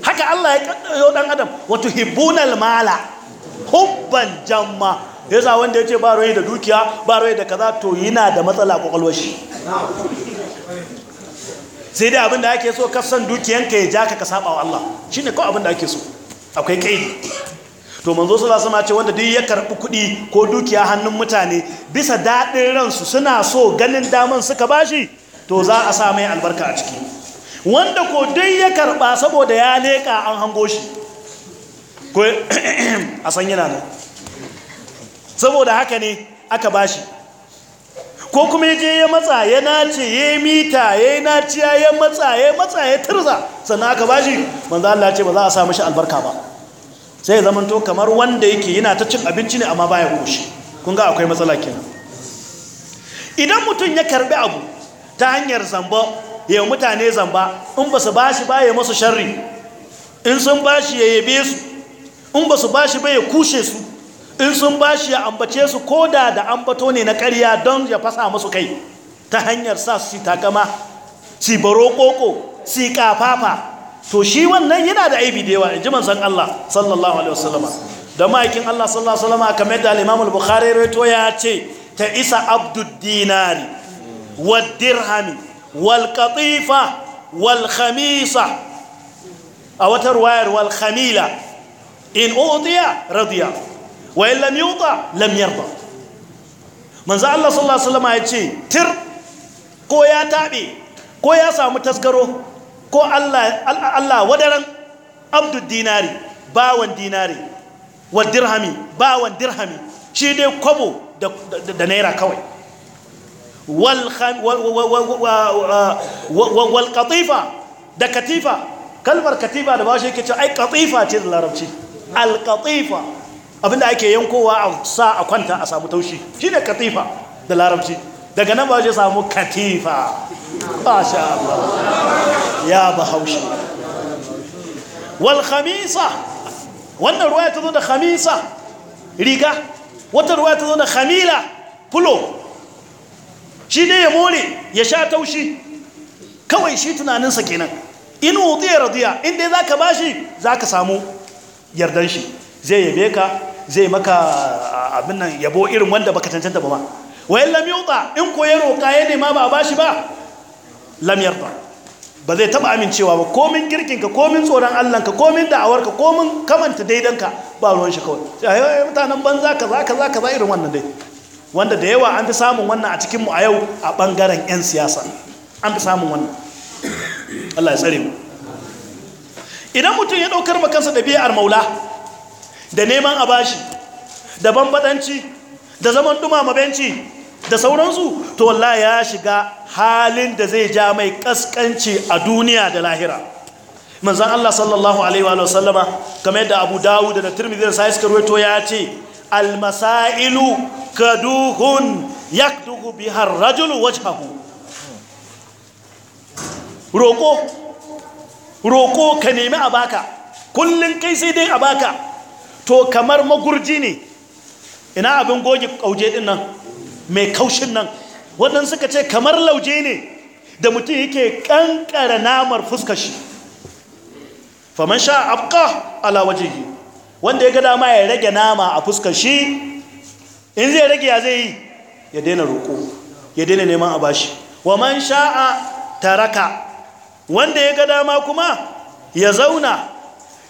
haka Allah ya kaddayo dan adam wato hibunal mala hubban jamma yasa wanda yace ba roye da dukiya ba roye da kaza to yana da matsala kwakwalwar sai dai abin da ake so ka san dukiyanka ya ja ka ka saba wa Allah shine kawai abin ake so akwai kaidi to manzo sallallahu alaihi ce wanda duk ya karbi kuɗi ko dukiya hannun mutane bisa daɗin ransu suna so ganin daman suka bashi to za a sa mai albarka a ciki wanda ko duk ya karba saboda ya leka an hango shi ko a san yana nan saboda haka ne aka bashi ko kuma ya je ya matsa ya nace ya yi mita ya yi naciya ya matsa ya matsa ya turza sannan aka ba bashi manzo Allah ce ba za a sa mishi albarka ba sai ya zamanto kamar wanda yake yana ta cin abinci ne amma baya koshi kun ga akwai matsala kenan idan mutum ya karbi abu ta hanyar zamba ya mutane zamba in ba su bashi ba ya masu sharri in sun bashi ya yabe su in ba su bashi ba ya kushe su in sun ba shi ya ambace su ko da da ambato ne na ƙarya don ya fasa musu kai ta hanyar sa su takama si baro koko si kafafa to shi wannan yana da aibi da yawa in ji manzon Allah sallallahu alaihi wasallama da ma'aikin Allah sallallahu alaihi wasallama kamar da al-Imam al-Bukhari rawaito ya ce ta isa abdud dinari wa dirhami wal qatifa wal khamisa a wata ruwayar wal khamila in udiya radiya wa in lam yuta lam yarda manzo Allah sallallahu alaihi wasallam yace tir ko ya tabe ko ya samu tasgaro ko Allah Allah wadaran abdud dinari bawan dinari wa dirhami bawan dirhami shi dai kwabo da naira kawai wal katifa da katifa kalmar katifa da bashi yake cewa ai katifa ce da larabci al katifa abinda ake yankowa a sa a kwanta a samu taushi shi ne katifa da larabci daga nan ba shi samu katifa masha Allah ya bahaushe wal khamisa wannan ruwa ta zo da khamisa riga wata ruwa ta zo da khamila fulo shi ne ya more ya sha taushi kawai shi tunaninsa kenan in wuti ya radiya inda za ka bashi za ka samu yardan shi zai yabe ka zai maka abin nan yabo irin wanda baka cancanta ba ma wayan lam yuta in ko ya roka ya nema ba a bashi ba lam yarda ba zai taba amincewa ba komin girkin ka komin tsoron Allah ka komin da'awar ka komin kamanta daidan ka ba ruwan shi kawai sai mutanen banza kaza kaza kaza irin wannan dai wanda da yawa an fi samun wannan a cikin mu a yau a bangaren yan siyasa an fi samun wannan Allah ya tsare mu idan mutum ya daukar makansa biyar maula da neman a bashi da banbadanci da zaman dumama benci da sauransu to Allah ya shiga halin da zai ja mai ƙasƙanci a duniya da lahira manzan Allah sallallahu alaihi wa sallama kamar yadda Abu dawu da Tirmidhi da Sahih suka ya ce al-masailu kaduhun yakduhu biha rajul wajhahu roƙo roko ka nemi a baka kullum kai sai dai a baka to kamar magurji ne ina abin goge kauje din nan mai kaushin nan waɗanda suka ce kamar lauje ne da mutum yake kankara namar fuskar shi faman sha abka ala yi. wanda ya ga dama ya rage nama a fuskar shi in zai rage ya zai yi ya daina roƙo ya daina neman a bashi wa man sha'a taraka wanda ya ga dama kuma ya zauna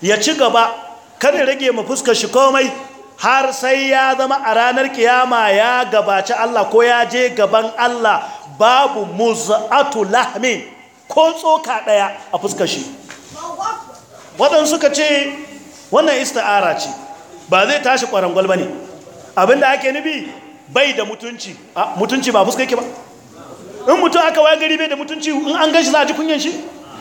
ya ci gaba kada rage ma fuska shi komai har sai ya zama a ranar kiyama ya gabaci Allah ko ya je gaban Allah babu muz'atu lahmin ko tsoka daya a fuskar shi wadan suka ce wannan ista'ara ce ba zai tashi kwarangwal bane abinda ake nubi bai da mutunci mutunci ba fuskar yake ba in mutum aka waya gari bai da mutunci in an gashi za a ji kunyan shi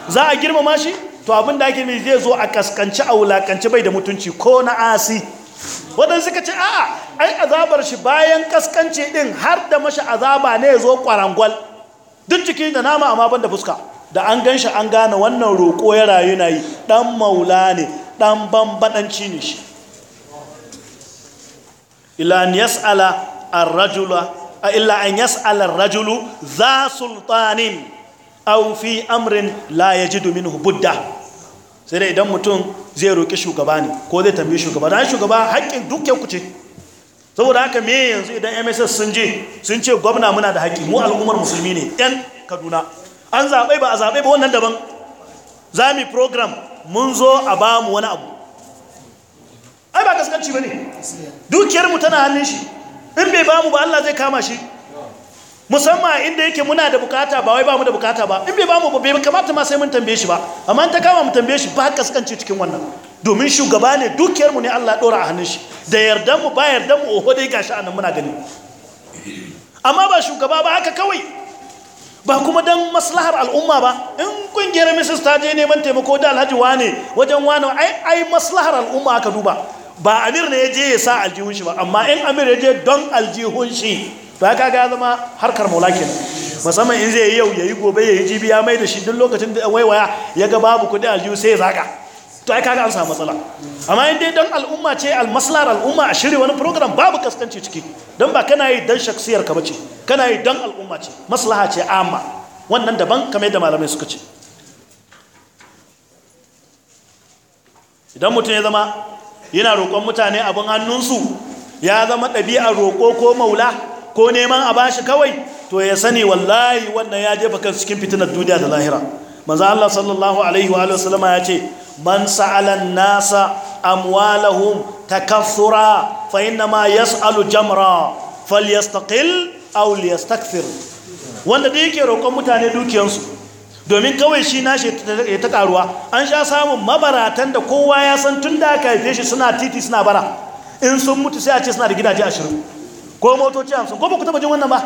za a girmama shi to abin da ake mai zai zo a kaskanci a wulakanci bai da mutunci ko na asi wadanda suka ce a'a ai azabar shi bayan kaskanci ɗin har da mashi azaba ne ya zo kwarangwal duk ciki da nama amma ban da fuska da an gan shi an gane wannan roƙo ya rayu na yi ɗan maula ne ɗan bambaɗanci ne shi illa an yas'ala ar-rajula rajulu za sultanin Aufi fi amrin la ji domin hubudda sai dai idan mutum zai roƙi shugaba ne ko zai tambi shugaba dan shugaba haƙƙin dukkan ce saboda haka me yanzu idan MSS sun je sun ce gwamna muna da haƙƙi mu al'ummar musulmi ne yan Kaduna an zaɓe ba a zaɓe ba wannan daban Za mu program mun zo a ba mu wani abu ai ba gaskanci ne. dukiyar mu tana hannun shi in bai ba mu ba Allah zai kama shi musamman inda yake muna da bukata ba wai ba mu da bukata ba in bai ba mu ba bai kamata ma sai mun tambaye shi ba amma ta kama mu tambaye shi ba kaskanci cikin wannan domin shugaba ne dukiyar mu ne Allah dora a hannun shi da yardan mu ba yardan mu oho dai gashi anan muna gani amma ba shugaba ba haka kawai ba kuma dan maslahar al'umma ba in kungiyar Mrs. ta je neman taimako da Alhaji wane wajen wane ai ai maslahar al'umma aka duba ba amir ne ya je ya sa aljihun shi ba amma in amir ya je don aljihun shi to ya kaga zama harkar maula musamman in zai yi yau yi gobe ya yi jibi ya mai da shi duk lokacin da waiwaya ya ga babu kudi aljihu sai ya zaga to ai kaga an samu matsala amma in dai dan al'umma ce almaslar al'umma a shirya wani program babu kaskanci ciki don ba kana yi dan shaksiyar ka bace kana yi dan al'umma ce maslaha ce amma wannan daban kamar yadda malamai suka ce idan mutum ya zama yana roƙon mutane abin hannunsu ya zama ɗabi'ar roƙo ko maula ko neman a bashi kawai to ya sani wallahi wannan ya jefa kan cikin fitinar duniya da lahira manzo Allah sallallahu alaihi wa sallama ya ce man sa'ala nasa amwalahum takathura fa inna ma yas'alu jamra falyastaqil aw liyastakthir wanda da yake roƙon mutane dukiyansu domin kawai shi nashi ya ta karuwa an sha samun mabaratan da kowa ya san tun da aka haife shi suna titi suna bara in sun mutu sai a ce suna da gidaje ashirin ko motoci hamsin ko baku taba jin wannan ba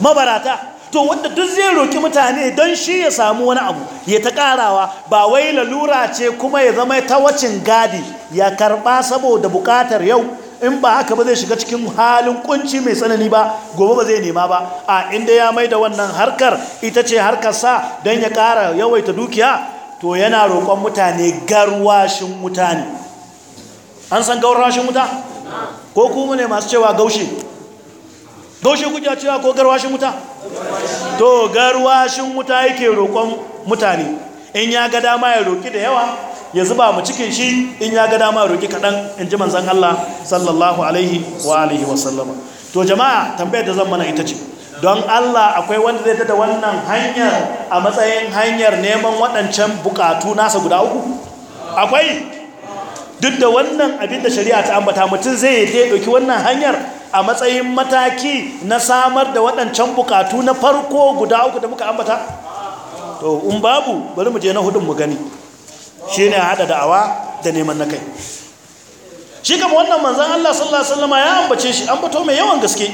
mabarata to wanda duk zai roki mutane don shi ya samu wani abu ya ta ƙarawa ba wai lalura ce kuma ya zama ta wacin gadi ya karɓa saboda buƙatar yau in ba haka ba zai shiga cikin halin kunci mai tsanani ba gobe ba zai nema ba a inda ya mai da wannan harkar ita ce harkar sa don ya kara yawaita dukiya to yana roƙon mutane garwashin mutane an san garwashin mutane. ko kuma ne masu cewa gaushe Gaushe kuke cewa ko garwashin wuta? To garwashin wuta yake roƙon mutane. In ya ga dama ya roƙi da yawa, ya zuba mu cikin shi in ya ga dama roƙi kaɗan in ji manzan Allah sallallahu alaihi wa alihi wasallama. To jama'a tambayar da zan mana ita ce, don Allah akwai wanda zai tada wannan hanyar a matsayin hanyar neman waɗancan buƙatu nasa guda uku? Akwai? Duk da wannan abin da shari'a ta ambata mutum zai ɗauki wannan hanyar a matsayin mataki na samar da waɗancan bukatu na farko guda uku da muka ambata to in babu bari mu je na hudun mu gani shi ne haɗa da'awa da neman na kai shi kama wannan manzan Allah sallallahu Alaihi wasallama ya ambace shi an bato mai yawan gaske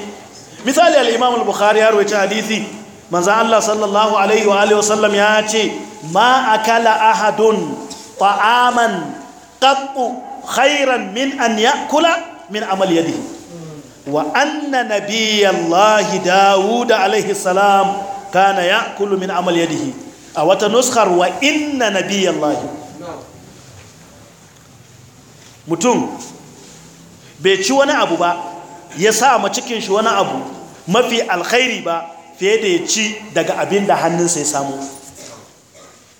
misali al'imam al-bukhari ya rawaita hadithi manzan Allah sallallahu Alaihi wasallam ya ce ma akala ahadun ta'aman qattu khairan min an kula min amal wa anna nabiyallahi dawud alaihi salam kana ya'kulu min amal yadihi a wata nuskar wa inna nabiyallahi mutum bai ci wani abu ba ya sa ma cikin shi wani abu mafi alkhairi ba fiye da ya ci daga abin da hannunsa ya samu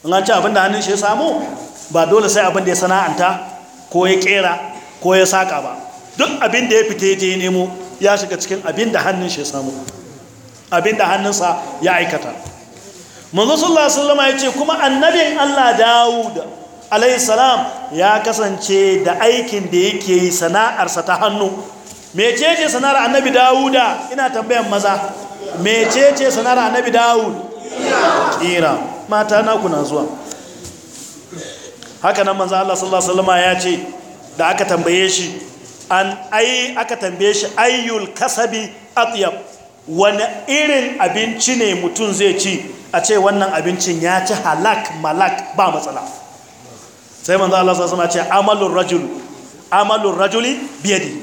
an ci abin da hannun ya samu ba dole sai abin da ya sana'anta ko ya kera ko ya saka ba duk abin da ya fita ya je nemo ya shiga cikin abin da hannun shi ya samu abin da hannunsa ya aikata manzo sallallahu alaihi wasallam ya ce kuma annabin Allah Dawud alaihi salam ya kasance da aikin da yake yi sana'arsa ta hannu mecece sana'ar annabi Dawuda ina tambayan maza mecece sana'ar annabi Dawud kira mata na zuwa haka nan manzo Allah sallallahu alaihi wasallam ya ce da aka tambaye shi an ai aka tambaye shi ayyul kasabi atyab wani irin abinci ne mutum zai ci a ce wannan abincin ya ci halak malak ba matsala sai manzo Allah sallallahu alaihi wasallam ce amalur rajul amalur rajuli biyadi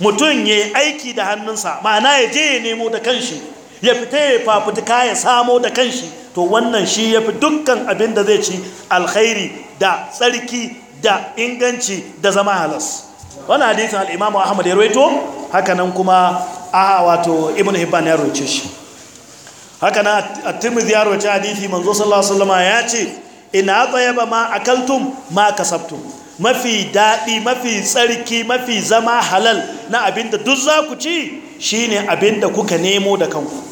mutum ya aiki da hannunsa ma'ana ya je ya nemo da kanshi ya fita ya fafutuka ya samo da kanshi to wannan shi ya fi dukkan abin da zai ci alkhairi da tsarki da inganci da zama halas wani hadisin al'imamu ahmad ya roito hakanan kuma a wato ibn hibban ya roice shi hakanan a tirmidhi ya roice hadisi manzo sallallahu alaihi ya ce ina ba ma akaltum ma kasabtum mafi daɗi mafi tsarki mafi zama halal na abinda duk za ku ci shine abinda kuka nemo da kanku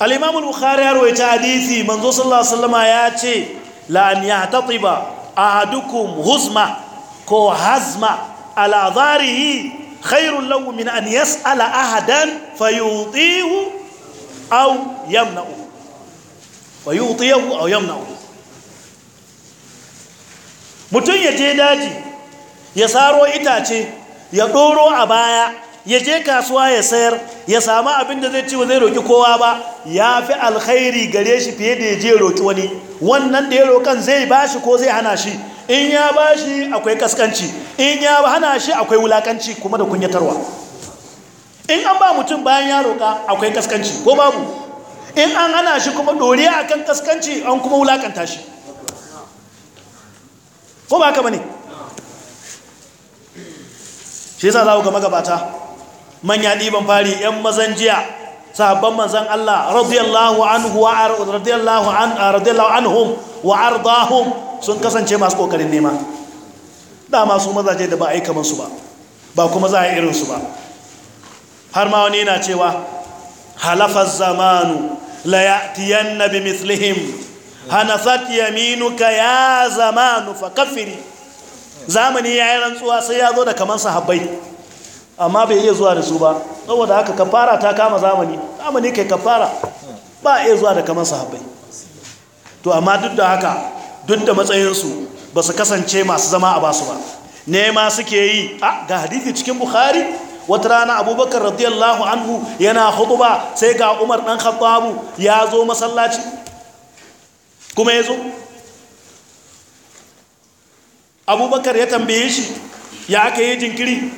al-imam bukhari ya roice hadisi manzo sallallahu alaihi wasallam ya ce la an yahtatiba ahadukum huzma ko hazma ala zarihi khairun lahu min an yas'ala ahadan fayutihu aw yamna'u fayutihu aw yamna'u mutum ya je daji ya saro itace ya doro a baya ya je kasuwa ya sayar ya samu abin da zai ci ba zai roki kowa ba ya fi alkhairi gare shi fiye da ya je roki wani wannan da ya rokan zai bashi ko zai hana shi in ya ba shi akwai kaskanci in ya hana shi akwai wulakanci kuma da kunyatarwa in an ba mutum bayan ya roƙa akwai kaskanci ko babu in an hana shi kuma ɗoriya akan kaskanci an kuma wulakanta shi ko ba ka ba ne shi za ku ga magabata manya ɗiban fari 'yan mazan jiya sahabban manzan Allah radiyallahu anhu wa radiyallahu anhum wa ardahum sun kasance masu kokarin nema dama su mazaje da ba a yi kamar su ba ba kuma za a yi irinsu ba har ma wani yana cewa halafar zamanu la na bi hanasat yaminuka ya zamanu fa kafiri zamani ya yi rantsuwa sai ya zo da kamar sahabbai amma bai iya zuwa da su ba saboda haka kafara ta kama zamani zamani kai kafara ba iya zuwa da kamar sahabbai to amma duk da haka duk da matsayinsu ba su kasance masu zama a basu ba nema suke yi a ga hadithi cikin bukhari wata rana abubakar radiyallahu anhu yana ba sai ga umar ɗan khattabu ya zo masallaci kuma ya zo abubakar ya tambaye shi ya aka yi jinkiri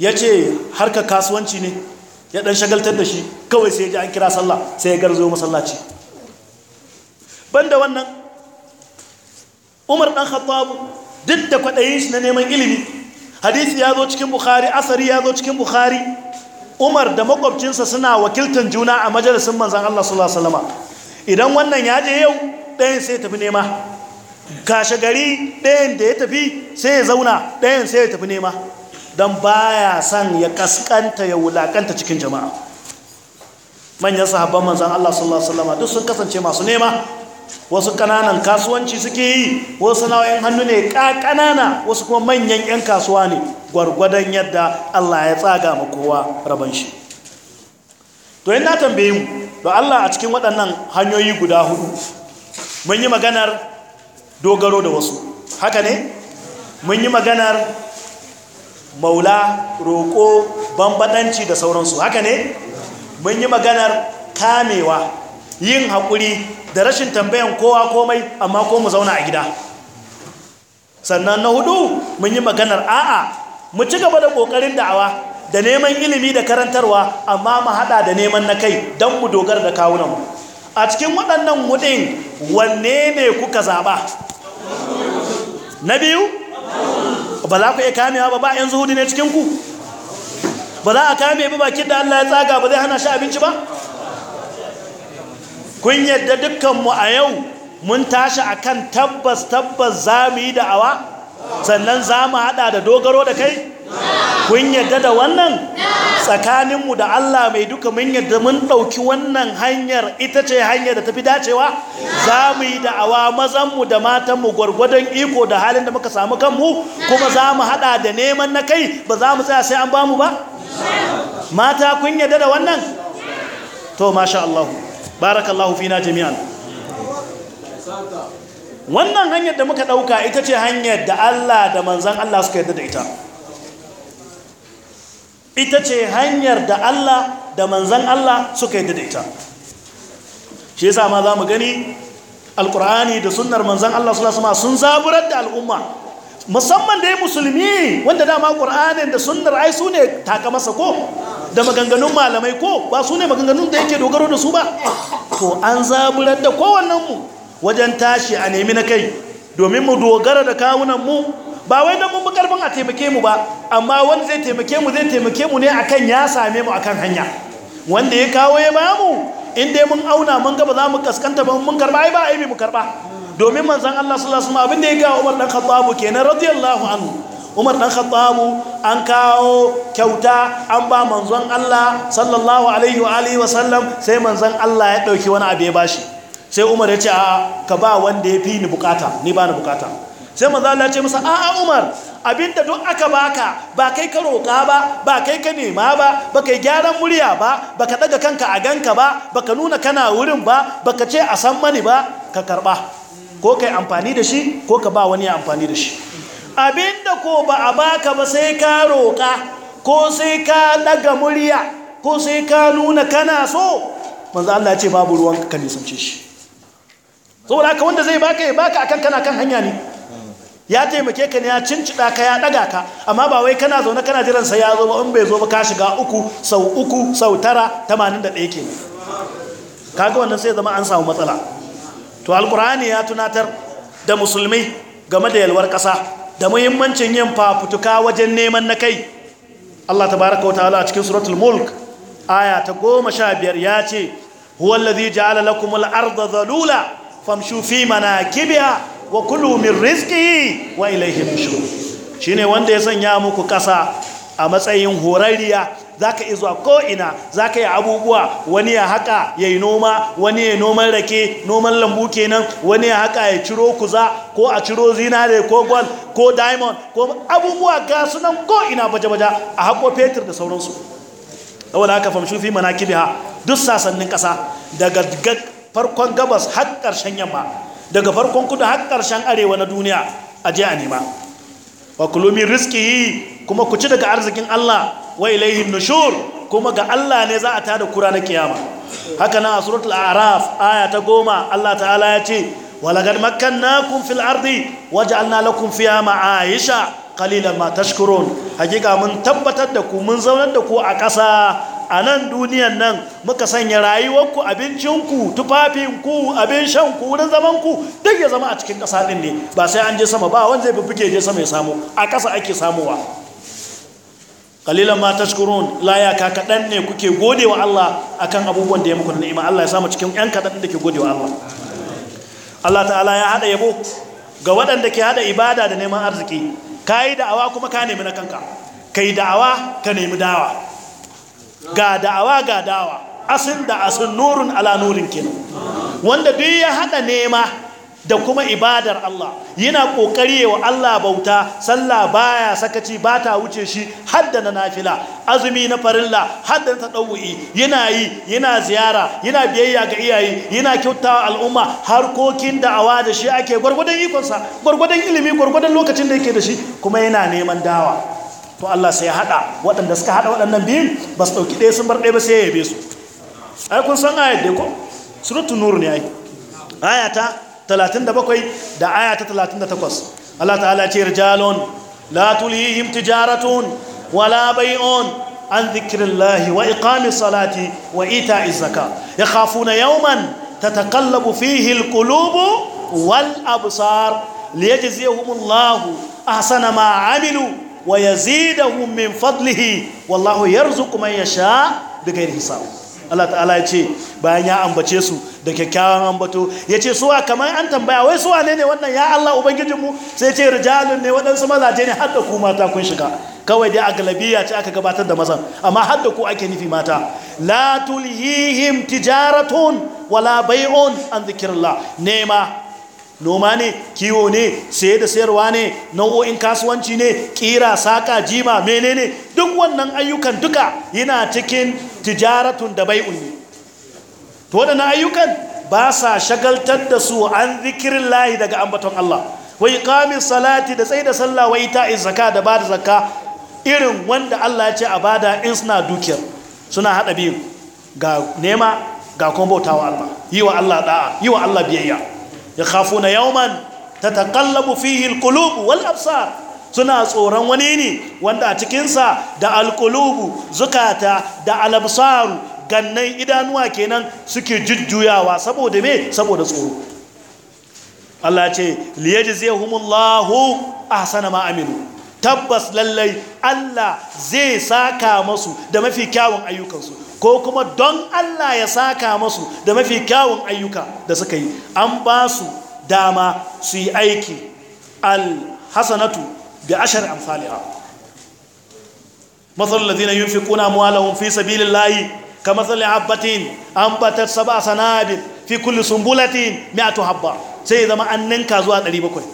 ya ce harka kasuwanci ne ya ɗan shagaltar da shi kawai sai ya ji an kira sallah sai ya garzo masallaci banda wannan umar ɗan khattab duk da kwaɗayin shi na neman ilimi hadisi ya zo cikin bukhari asari ya zo cikin bukhari umar da makwabcinsa suna wakiltan juna a majalisun manzan allah sallallahu idan wannan ya je yau ɗayan sai tafi nema kashe gari ɗayan da ya tafi sai ya zauna ɗayan sai ya tafi nema don baya san ya kaskanta ya wulakanta cikin jama'a manyan sahabban manzan allah sallallahu duk sun kasance masu nema wasu kananan kasuwanci suke yi wasu nau'in hannu ne kanana wasu kuma manyan 'yan kasuwa ne gwargwadon yadda Allah ya tsaga ma kowa raban shi to yin na tambaye mu to Allah a cikin waɗannan hanyoyi guda hudu mun yi maganar dogaro da wasu haka ne mun yi maganar maula roƙo bambadanci da sauransu haka ne mun yi maganar kamewa yin haƙuri da rashin tambayan kowa komai amma ko mu zauna a gida sannan na hudu mun yi maganar a'a mu ci gaba da kokarin da'awa da neman ilimi da karantarwa amma mu hada da neman na kai don mu dogara da kawunan mu a cikin waɗannan hudin wanne ne kuka zaba na biyu ba za ku iya kamewa ba ba yan zuhudu ne cikin ku ba za a kame ba bakin da Allah ya tsaga ba zai hana shi abinci ba kun yadda dukkanmu a yau mun tashi a kan tabbas tabbas za mu yi da'awa sannan za mu haɗa da dogaro da kai kun yadda da wannan tsakaninmu da Allah mai duka mun yadda mun ɗauki wannan hanyar ita ce hanyar da tafi dacewa za mu yi da'awa mazanmu da matanmu gwargwadon iko da halin da muka samu kanmu kuma za mu haɗa da neman na kai ba za mu tsaya sai an ba mu ba mata kun yadda da wannan to masha allahu. barakallahu fina jami'an wannan hanyar da muka ɗauka ita ce hanyar da Allah da manzan Allah suka yarda da ita ita ce hanyar da Allah da manzan Allah suka yarda da ita shi yasa ma za mu gani alkur'ani da sunnar manzan Allah sun zaburar da al'umma musamman da ya musulmi wanda dama ƙur'anin da sunnar ai su ne taka masa ko da maganganun malamai ko ba su ne maganganun da yake dogaro da su ba to an zaburar da kowannenmu wajen tashi a nemi na kai domin mu dogara da kawunanmu ba wai don mun karfin a taimake mu ba amma wanda zai taimake mu zai taimake mu ne akan ya same mu akan hanya wanda ya kawo ya bamu in dai mun auna mun gaba ba za mu kaskanta ba mun karba ai ba ai mu karɓa. domin manzan Allah sallallahu alaihi abin da ya ga Umar dan Khattab kenan radiyallahu anhu Umar dan Khattab an kawo kyauta an ba manzon Allah sallallahu alaihi wa alihi wa sallam sai manzon Allah ya dauki wani abu ya bashi sai Umar ya ce a ka ba wanda ya fi ni bukata ni ba ni bukata sai manzon Allah ya ce masa a'a Umar abinda duk aka baka ba kai ka roƙa ba ba kai ka nema ba ba kai gyaran murya ba ba ka daga kanka a ganka ba ba ka nuna kana wurin ba ba ka ce a san mani ba ka karɓa ko kai amfani da shi ko ka ba wani amfani da shi abinda ko ba a baka ba sai ka roƙa ko sai ka daga murya ko sai ka nuna kana so manzo Allah ya ce babu ruwan ka nisance shi saboda haka wanda zai baka ya baka akan kana kan hanya ne ya taimake ka ne ya cincida ka ya daga ka amma ba wai kana zaune kana jiran sa ya zo ba in bai zo ba ka shiga uku sau uku sau tara 81 kenan kaga wannan sai zama an samu matsala to alkur'ani ya tunatar da musulmi game da yalwar ƙasa da muhimmancin yin fafutuka wajen neman na kai Allah tabaraka wata'ala a cikin suratul mulk aya ta goma sha biyar ya ce huwa allazi ja'ala lakum al-ardha dhalula famshu fi manakibiha wa kulu min rizqihi wa ilayhi tushurun shine wanda ya sanya muku ƙasa a matsayin horarriya za ka izuwa ko'ina za ka yi abubuwa wani ya haka ya yi noma wani ya noman rake noman lambu kenan wani ya haka ya ciro kuza ko a ciro zinare ko gwal ko diamond ko abubuwa ga sunan ko'ina baje-baje a haƙo fetur da sauransu yawon aka famshi fi mana ha duk sassanin ƙasa daga farkon gabas har ƙarshen yamma daga farkon kudu har ƙarshen arewa na duniya a je a nema wa kulumi rizqihi kuma ku ci daga arzikin Allah wa ilayhi nushur kuma ga Allah ne za a tada kura na kiyama haka nan a suratul a'raf aya ta goma Allah ta'ala ya ce walaqad makkannakum fil ardi waj'alna lakum fiha ma'aisha qalilan ma tashkurun hakika mun tabbatar da ku mun zaunar da ku a ƙasa a nan duniyan nan muka sanya rayuwarku abincinku tufafinku abin shanku wurin zamanku duk ya zama a cikin ƙasa ɗin ne ba sai an je sama ba wanda zai fi je sama ya samu a ƙasa ake samuwa kalilan ma ta shukurun laya ka kaɗan ne kuke gode wa Allah a kan abubuwan da ya muku ni'ima Allah ya samu cikin ƴan kaɗan da ke gode wa Allah Allah ta'ala ya haɗa yabo ga waɗanda ke haɗa ibada da neman arziki ka yi da'awa kuma ka nemi na kanka ka yi da'awa ka nemi dawa ga da'awa ga da'awa asin da asin nurin ala nurin kenan wanda duk ya hada nema da kuma ibadar Allah yana kokari wa Allah bauta sallah baya sakaci bata wuce shi hadda na nafila azumi na farilla hadda ta dawu'i yana yi yana ziyara yana biyayya ga iyaye yana kyautawa al'umma harkokin da'awa da shi ake gurgurdan ikonsa gurgurdan ilimi gurgurdan lokacin da yake da shi kuma yana neman dawa to Allah sai ya hada waɗanda suka hada waɗannan biyun ba su ɗauki ɗaya sun bar ɗaya ba sai ya yabe su ai kun san ayat dai ko suratul nur ne ai aya 37 da aya 38 Allah ta'ala ce rijalun la tulihim tijaratun wala bai'un an dhikrillahi wa iqamis salati wa ita'iz zakat yakhafuna yawman تتقلب فيه القلوب والأبصار ليجزيهم الله ahsana ma amilu wa yazidahum min fadlihi wallahu yarzuqu man yasha bighairi hisab Allah ta'ala ya ce bayan ya ambace su da kyakkyawan ambato ya ce suwa kamar an tambaya wai suwa ne ne wannan ya Allah ubangijinmu sai ce rijalun ne waɗansu mazaje ne har da ku mata kun shiga kawai dai a galabiya ce aka gabatar da mazan amma har da ku ake nufi mata la tulhihim tijaratun wala bay'un an zikirla nema noma ne kiwo ne saye da sayarwa ne nau'o'in kasuwanci ne kira saka jima menene duk wannan ayyukan duka yana cikin tijaratun da bai unni to waɗannan ayyukan ba sa shagaltar da su an zikirin lahi daga ambaton Allah wai kamin salati da tsaye da sallah wai ta'in zaka da ba da zaka irin wanda Allah ya ce a bada in suna dukiyar suna haɗa biyu ga nema ga kuma bautawa Allah yi wa Allah da'a yi wa Allah biyayya yakhafuna yawman tataqallabu fihi alqulub wal absar suna tsoron wani ne wanda a cikinsa da alqulubu zukata da alabsaru gannan idanuwa kenan suke jujjuyawa saboda me saboda tsoro Allah ce liyajzihumullahu ahsana ma amilu tabbas lallai Allah zai saka masu da mafi kyawun ayyukansu ko kuma don Allah ya saka masu da mafi kyawun ayyuka da suka yi an ba su dama su yi aiki alhasanatu bi ashar amsalha matsalin lazina yin fi kuna muwalahun fi sabilin layi ka habbatin an batar saba sanabin fi kulli sumbulatin mi'atu habba sai zama an ninka zuwa 700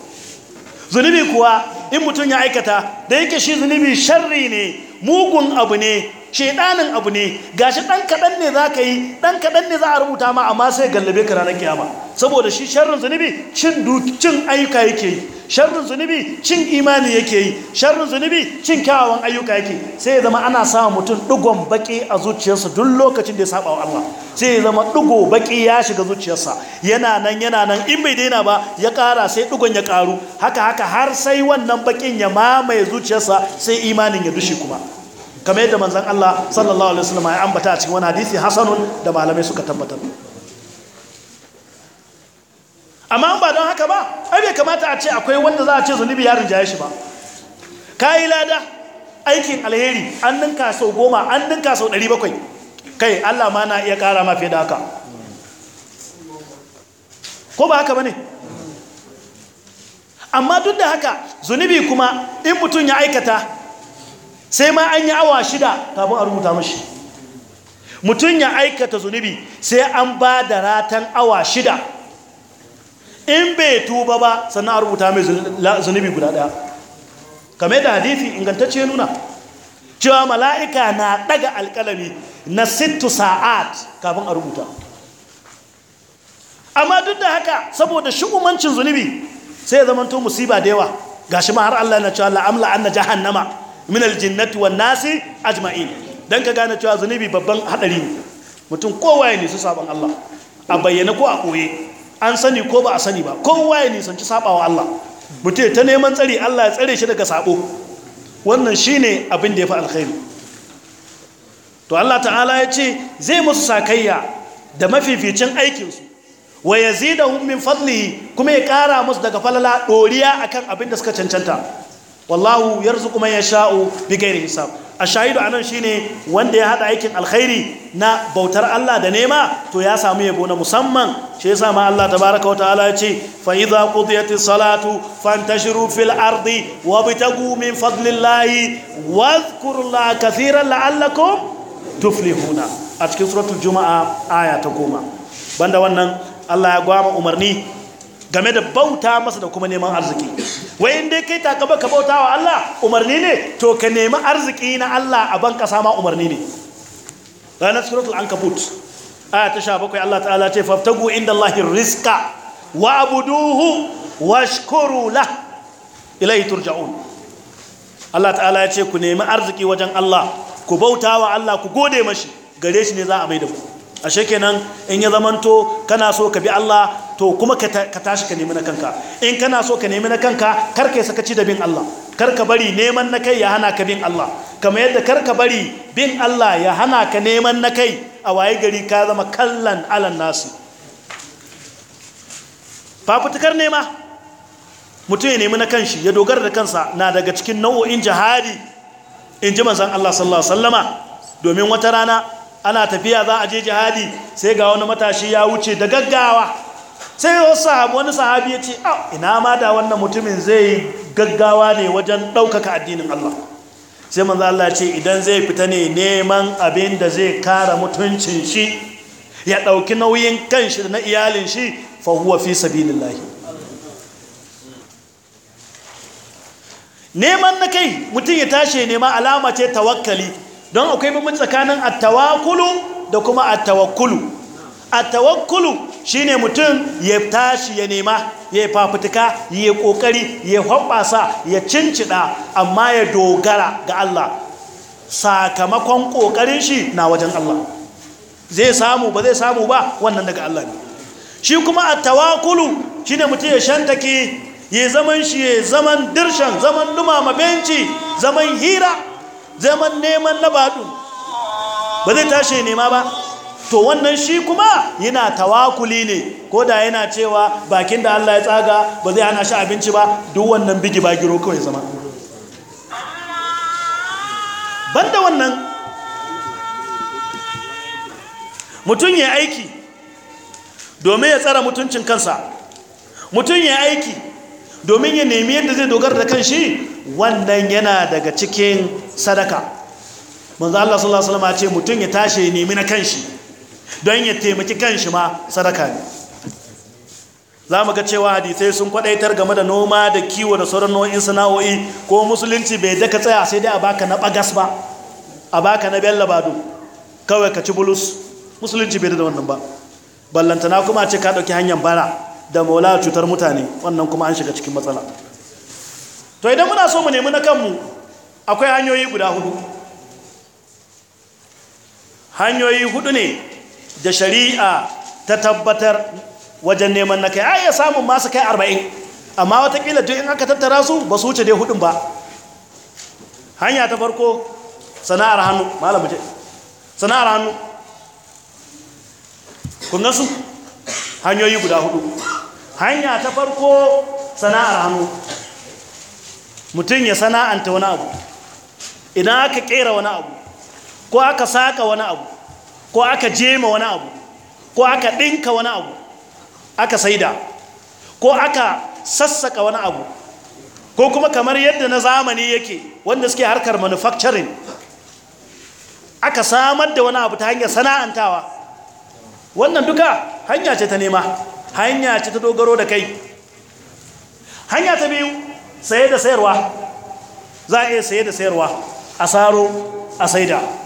zunubi kuwa in mutum ya aikata da yake shi zunubi sharri ne mugun abu ne shedanin abu ne gashi ɗan kaɗan ne za ka yi dan kadan ne za a rubuta ma amma sai gallabe ka ranar kiyama saboda shi sharrin zunubi cin cin ayyuka yake yi sharrin zunubi cin imani yake yi sharrin zunubi cin kyawawan ayyuka yake sai ya zama ana sa mutum ɗigon baƙi a zuciyarsa duk lokacin da ya saba wa Allah sai ya zama digo baƙi ya shiga zuciyarsa yana nan yana nan in bai daina ba ya ƙara sai ɗigon ya ƙaru. haka haka har sai wannan bakin ya mamaye zuciyarsa sai imanin ya dushe kuma kamar yadda manzan Allah sallallahu alaihi wasallam ya ambata a cikin wani hadisi hasanun da malamai suka tabbatar amma ba don haka ba ai bai kamata a ce akwai wanda za a ce zunubi ya rinjaye shi ba kayi lada aikin alheri an ninka sau goma an ninka sau ɗari bakwai kai Allah ma na iya ƙara mafi da haka ko ba haka ba ne amma duk da haka zunubi kuma in mutum ya aikata sai ma an yi awa shida kafin a rubuta mashi mutum ya aikata zunubi sai an ba da ratan awa shida in bai tuba ba sannan a rubuta mai zunubi guda daya kame da hadithi ingantacce nuna cewa mala'ika na daga alkalami na sittu sa'ad kafin a rubuta amma duk da haka saboda shi'umancin zunubi sai ya zamanto musiba da yawa ga shi ma har Allah na cewa la'amla an na jahannama min aljinnati wan nasi ajma'in dan ka gane cewa zunubi babban hadari ne mutum kowa ya nisa saban Allah a bayyana ko a koye an sani ko ba a sani ba kowa ya nisanci sabawa Allah mutum ta neman tsari Allah ya tsare shi daga sabo wannan shine abin da ya fi alkhairi to Allah ta'ala ya ce zai musu sakayya da mafificin aikin su wa yazidahum min fadlihi kuma ya kara musu daga falala doriya akan abin da suka cancanta wallahu yarzuqu man yasha'u bighairi hisab ashahidu anan shine wanda ya hada aikin alkhairi na bautar Allah da nema to ya samu yabo na musamman shi yasa ma Allah tabaaraka wa ta'ala ya ce fa idza qudiyatis salatu fantashiru fil ardi wabtagu min fadlillahi wadhkurullaha katiran la'allakum tuflihuna a cikin suratul juma'a aya ta goma banda wannan Allah ya gwama umarni game da bauta masa da kuma neman arziki wai inda kai takaba ka bauta wa Allah umarni ne to ka nemi arziki na Allah a ban kasa ma umarni ne ranar suratul ankabut aya ta bakwai Allah ta'ala ce faftagu inda Allahi riska. wa abuduhu washkuru la ilayhi turja'un Allah ta'ala ya ce ku nemi arziki wajen Allah ku bauta wa Allah ku gode mashi gare shi ne za a mai da ku ashe kenan in ya zamanto kana so ka bi Allah to kuma ka tashi ka nemi na kanka in kana so ka nemi na kanka kar ka sakaci da bin Allah kar ka bari neman na kai ya hana ka bin Allah kamar yadda kar ka bari bin Allah ya hana ka neman na kai a waye gari ka zama kallan alan nasu fafutukar nema mutum ya nemi na kanshi ya dogara da kansa na daga cikin nau'o'in jihadi in ji manzon Allah sallallahu domin wata rana ana tafiya za a je jihadi sai ga wani matashi ya wuce da gaggawa sai wasu wani sahabi ya ce a ah, ina ma da wannan mutumin zai gaggawa ne wajen ɗaukaka addinin Allah sai manzo Allah ce idan zai fita ne neman abin da zai kara mutuncin shi ya ɗauki nauyin kanshi da na iyalin shi fa huwa fi sabilillahi neman na kai mutum ya tashi nema alama ce tawakkali don akwai mutum tsakanin at da kuma at a tawakkulu shine mutum ya tashi ya nema ya fafutuka ya kokari ya hoɓasa ya cinciɗa, amma ya dogara ga Allah sakamakon kokarin shi na wajen Allah zai samu ba zai samu ba wannan daga Allah ne shi kuma a tawakulu shine mutum ya shantake ya zaman shi ya zaman dirshan zaman dumama benci zaman hira zaman neman labadun ba zai tashi nema ba to wannan shi kuma yana tawakuli ne ko da yana cewa bakin da Allah ya tsaga ba zai hana shi abinci ba duk wannan bigi ba giro kawai zama banda wannan mutum ya aiki domin ya tsara mutuncin kansa mutum ya aiki domin ya nemi yadda zai dogara da kanshi. wannan yana daga cikin sadaka manzo Allah sallallahu alaihi wasallam ya ce mutum ya tashi ya nemi na kanshi don ya taimaki kan kanshi ma sadaka ne za mu ga cewa hadisai sun kwadaitar game da noma da kiwo da sauran nau'in sana'o'i ko musulunci bai daka tsaya sai dai a baka na bagas ba a baka na bella bado kawai ka ci bulus musulunci bai da wannan ba ballantana kuma ce ka dauki hanyar bara da maula cutar mutane wannan kuma an shiga cikin matsala to idan muna so mu nemi na kanmu akwai hanyoyi guda hudu hanyoyi hudu ne da shari'a ta tabbatar wajen neman na kai A iya samun masu kai arba'in amma watakila tun in aka tattara su ba su wuce dai hudun ba hanya ta farko sana'ar hannu malam je sana'ar hannu kun su hanyoyi guda hudu hanya ta farko sana'ar hannu mutum ya sana'anta wani abu idan aka kera wani abu ko aka saka wani abu ko aka jema wani abu ko aka ɗinka wani abu aka saida ko aka sassaka wani abu ko kuma kamar yadda na zamani yake wanda suke harkar manufacturing aka samar da wani abu ta hanyar sana'antawa wannan duka hanya ce ta nema hanya ce ta dogaro da kai hanya ta biyu saye da sayarwa za a iya saye da sayarwa a saro a saida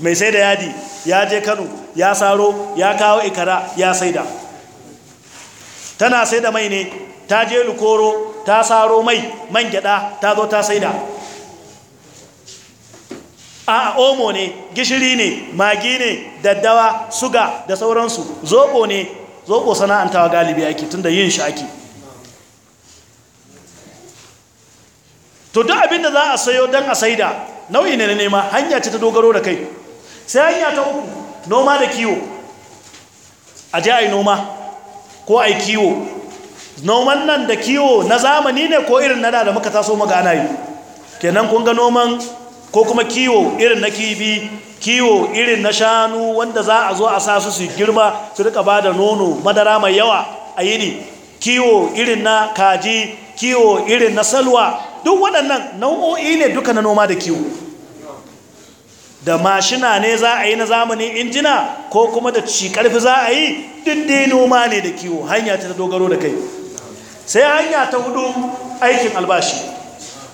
mai sai da yadi ya je kano ya saro ya kawo ikara ya sai da tana sai da mai ne ta je lukoro ta saro mai man gyada ta zo ta sai da a omo ne gishiri ne magi ne daddawa suga da sauransu zobo ne zobo sana'antawa galibi ake tun da yin shi ake to duk abin da za a sayo don a sai da, nau'i ne na nema hanya ce ta dogaro da kai sai hanya ta uku noma da kiwo a ji a yi noma ko a yi kiwo noman nan da kiwo na zamani ne ko irin nada da muka taso magana yi kenan kun ga noman ko kuma kiwo irin na kibi kiwo irin na shanu wanda za a zo a sa su su girma su rika ba da nono madara mai yawa a yi ne. kiwo irin na kaji kiwo irin na salwa duk waɗannan nau'o'i ne duka na noma da kiwo da mashina ne za a yi na zamani injina ko kuma da ci karfi za a yi dai noma ne da kiwo hanya ta dogaro da kai sai hanya ta hudu aikin albashi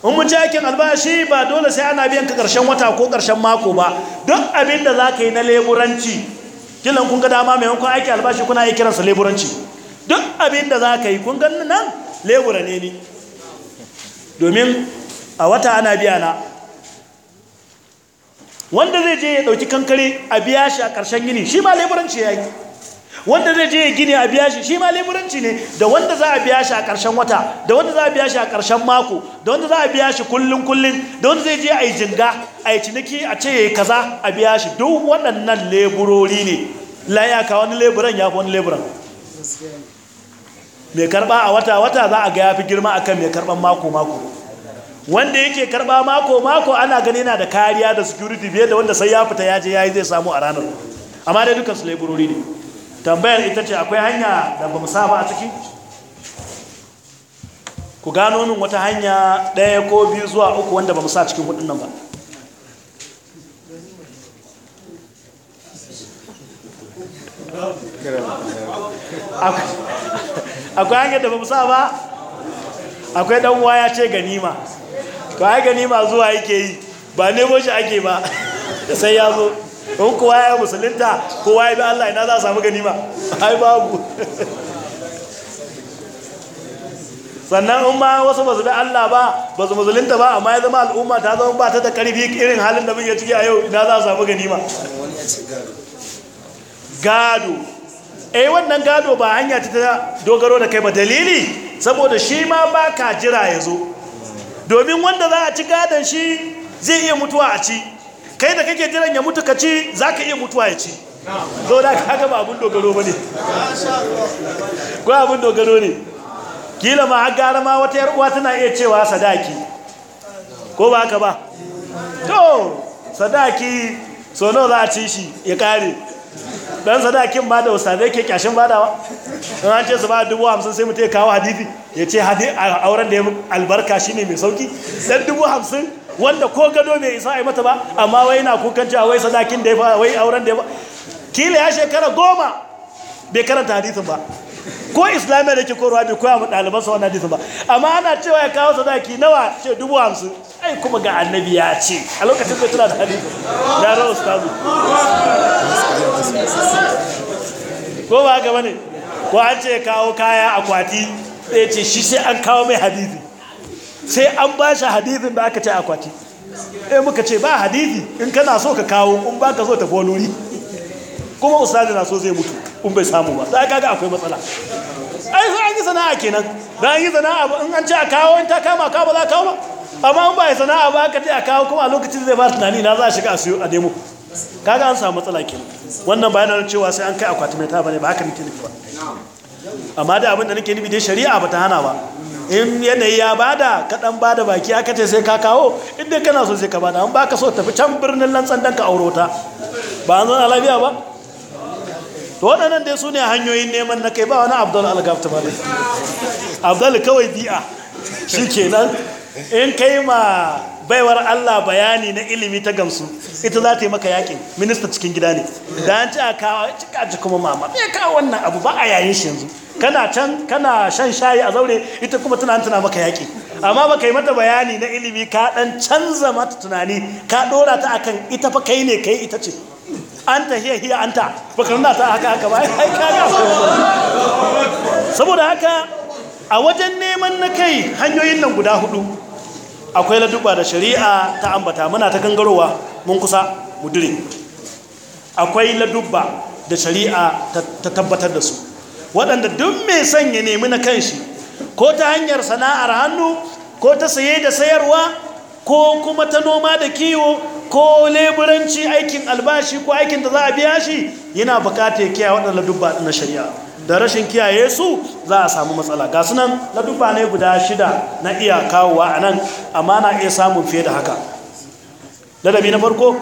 in mu ci aikin albashi ba dole sai ana biyan ka karshen wata ko karshen mako ba duk abin da za ka yi na leburanci kilan kun ga dama maimakon aikin albashi kuna yi kiransa leburanci duk abin da za ka yi kun gan nan lebura ne ni domin a wata ana biya na wanda zai je ya ɗauki kankare a biya shi a ƙarshen gini shi ma leburanci ya yi wanda zai je ya gini a biya shi shi ma leburanci ne da wanda za a biya shi a ƙarshen wata da wanda za a biya shi a ƙarshen mako da wanda za a biya shi kullum kullum da wanda zai je a yi jinga a yi ciniki a ce ya yi kaza a biya shi duk waɗannan leburori ne layaka wani leburan ya fi wani leburan mai karɓa a wata wata za a ga ya fi girma akan mai karɓan mako mako wanda yake karba mako mako ana gani na da kariya da security biyar da wanda sai ya fita ya je yayi zai samu a ranar amma dai dukkan su laborori ne tambayar ita ce akwai hanya da ba mu saba a ciki ku gano min wata hanya ɗaya ko biyu zuwa uku wanda ba mu sa cikin hudun nan ba akwai hanyar da ba mu sa ba akwai ɗan ya ce ganima Ka yi gani ma zuwa yake yi ba nemo shi ake ba da sai ya zo in kowa ya musulunta kowa ya bi Allah ina za a samu ganima ai babu sannan in ma wasu ba su bi Allah ba ba su musulunta ba amma ya zama al'umma ta zama ba ta da karfi irin halin da muke ciki a yau ina za a samu ganima gado eh wannan gado ba hanya ta dogaro da kai ba dalili saboda shi ma ba ka jira ya zo domin wanda za a ci gadon shi zai iya mutuwa a ci kai da kake jiran ya mutu ka ci za ka iya mutuwa ya ci zo da ka gaba abin dogaro ba ne ko abin dogaro ne kila ma har gara ma wata uwa tana iya cewa sadaki ko ba ka ba to sadaki so nawa za a ci shi ya kare dan sadakin ba da zai ke kyashin badawa don an ce su ba dubu hamsin sai mutu ya kawo hadithi ya ce auren da ya albarka shine mai sauki dan dubu hamsin wanda ko gado mai isa a yi mata ba amma wai na kukan cewa wai sadakin da ya wai auren da ya ba kila ya shekara goma bai karanta hadithin ba ko islamiyya da ke korowa bai koya mu ɗaliban sa wannan hadisin ba amma ana cewa ya kawo sadaki nawa ce dubu hamsin ai kuma ga annabi ya ce a lokacin da tana da hadisin ya rawa ustazu ko ba haka bane ko an ce kawo kaya akwati sai ce shi sai an kawo mai hadisi sai an ba shi hadisin da aka ce akwati eh muka ce ba hadisi in kana so ka kawo in ba ka so ta bolori kuma ustazu na so zai mutu in bai samu ba za kaga akwai matsala ai sai an yi sana'a kenan za a yi sana'a ba in an ce a kawo in ta kama ka ba za a kawo ba amma in ba yi sana'a ba ka ce a kawo kuma a lokacin zai ba tunani na za a shiga a siyo a nemo kaga an samu matsala kenan wannan nan cewa sai an kai akwati mai ta bane ba haka nake nufi ba amma da abin da nake nufi dai shari'a ba ta hana ba in yanayi ya bada ka dan bada baki aka ce sai ka kawo inda kana so sai ka bada an baka so tafi can birnin lantsan dan ka aurota ba an zana lafiya ba to waɗannan dai su ne hanyoyin neman na kai ba wani abdul ta ba abdul kawai bi'a shi kenan in kai ma baiwar allah bayani na ilimi ta gamsu ita za ta yi maka yakin minista cikin gida ne da an ci a kawo cika ji kuma mama ya kawo wannan abu ba a yayin shi yanzu kana can kana shan shayi a zaure ita kuma tunanin tana maka yaƙi. amma ba ka yi mata bayani na ilimi ka ɗan canza mata tunani ka ɗora ta akan ita fa kai ne kai ita ce an ta hiya hiyar an ta bakar na ta haka haka ba ai kaga saboda haka a wajen neman na kai hanyoyin nan guda hudu akwai laduba da shari'a ta ambata muna ta gangarowa mun kusa mudirin akwai laduba da shari'a ta tabbatar da su waɗanda duk mai sanya nemi na kanshi ko ta hanyar sana'ar hannu ko ta saye da sayarwa ko kuma ta noma da kiwo ko leburanci aikin albashi ko aikin da za a biya shi yana bukata ya kiyaye waɗanda dubba na shari'a da rashin kiyaye su za a samu matsala ga sunan dubba ne guda shida na iya kawowa a nan amma na iya samun fiye da haka ladabi na farko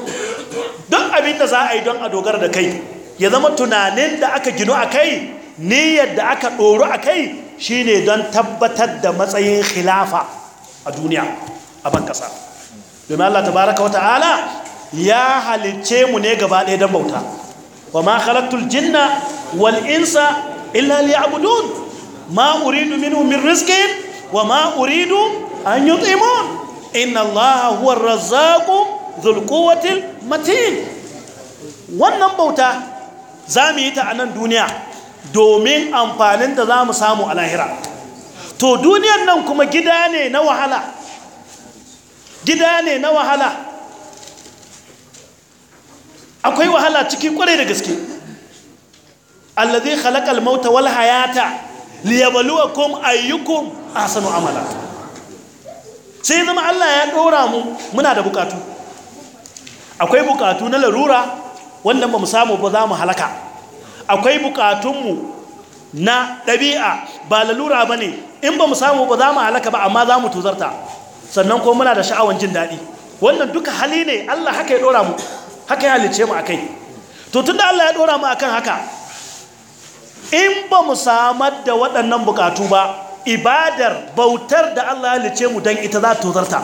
don abin da za a yi don a dogara da kai ya zama tunanin da aka gino a kai niyyar da aka ɗoro a kai shine don tabbatar da matsayin khilafa a duniya a ban ƙasa domin Allah tabaraka wa ta'ala ya halicce mu ne gaba ɗaya don bauta wa ma khalaqtul jinna wal insa illa liya'budun ma uridu minhum min rizqin wa ma uridu an yut'imun inna Allah huwa ar-razzaqu dhul quwwati matin wannan bauta za mu yi ta a nan duniya domin amfanin da za mu samu a lahira to duniyar nan kuma gida ne na wahala gida ne na wahala akwai wahala ciki kwarai da gaske allazi khalaqal mauta wal hayata liyabluwakum ayyukum ahsanu amala sai zama Allah ya dora mu muna da bukatu akwai bukatu na larura wannan ba mu samu ba za mu halaka akwai bukatunmu na ɗabi'a ba lalura ba ne in ba mu samu ba za mu halaka ba amma za mu tuzarta sannan ko muna da sha'awan jin daɗi wannan duka hali ne Allah haka ya ɗora mu haka ya halice mu akai to tun da Allah ya ɗora mu akan haka in ba mu samar da waɗannan bukatu ba ibadar bautar da Allah ya halice mu don ita za ta tozarta.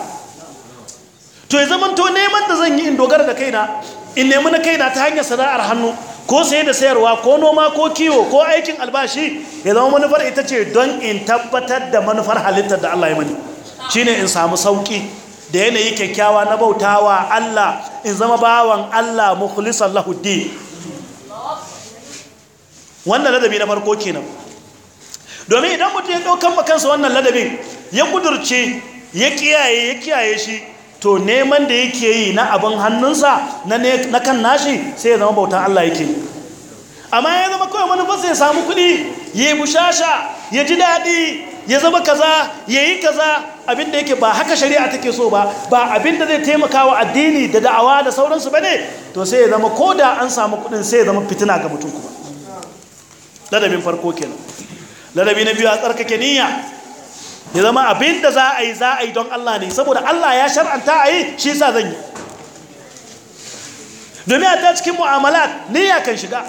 to ya zamanto neman da zan yi in dogara da kaina in nemi na kaina ta hanyar sana'ar hannu ko saye da sayarwa ko noma ko kiwo ko aikin albashi ya zama manufar ita ce don in tabbatar da manufar halittar da Allah ya mani shine in samu sauƙi da yanayi kyakkyawa na bautawa Allah in zama bawan Allah mukhlisan lahudi wannan ladabi na farko kenan domin idan mutum ya daukan kansa wannan ladabin ya kudurce ya kiyaye ya kiyaye shi to neman da yake yi na abin hannunsa na kan nashi sai ya zama bautan Allah yake amma ya zama kawai manufarsa ya samu kuɗi ya yi bushasha ya ji daɗi ya zama kaza ya yi kaza abinda yake ba haka shari'a take so ba ba abinda zai taimaka wa addini da da'awa da sauransu ba ne to sai ya zama ko da an samu kudin sai ya zama fitina ga mutum kuma ladabin farko kenan ladabi na biyu a tsarkake niyya ya zama abinda za a yi za a yi don Allah ne saboda Allah ya shar'anta a yi shi yasa zan yi domin a ta cikin mu'amala niyya kan shiga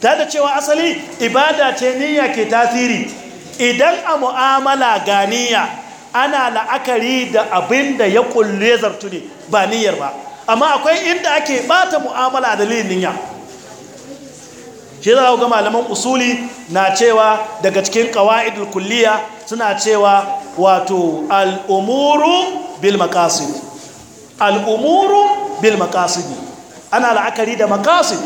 ta da cewa asali ibada ce niyya ke tasiri idan a mu'amala ganiya ana la'akari da abin da ya kulle zartu ne ba niyyar ba amma akwai inda ake bata mu'amala da niyya shi za ga malaman usuli na cewa daga cikin kawa'idul kulliya suna cewa wato al'umuru bil maqasid al'umuru bil ana la'akari da makasid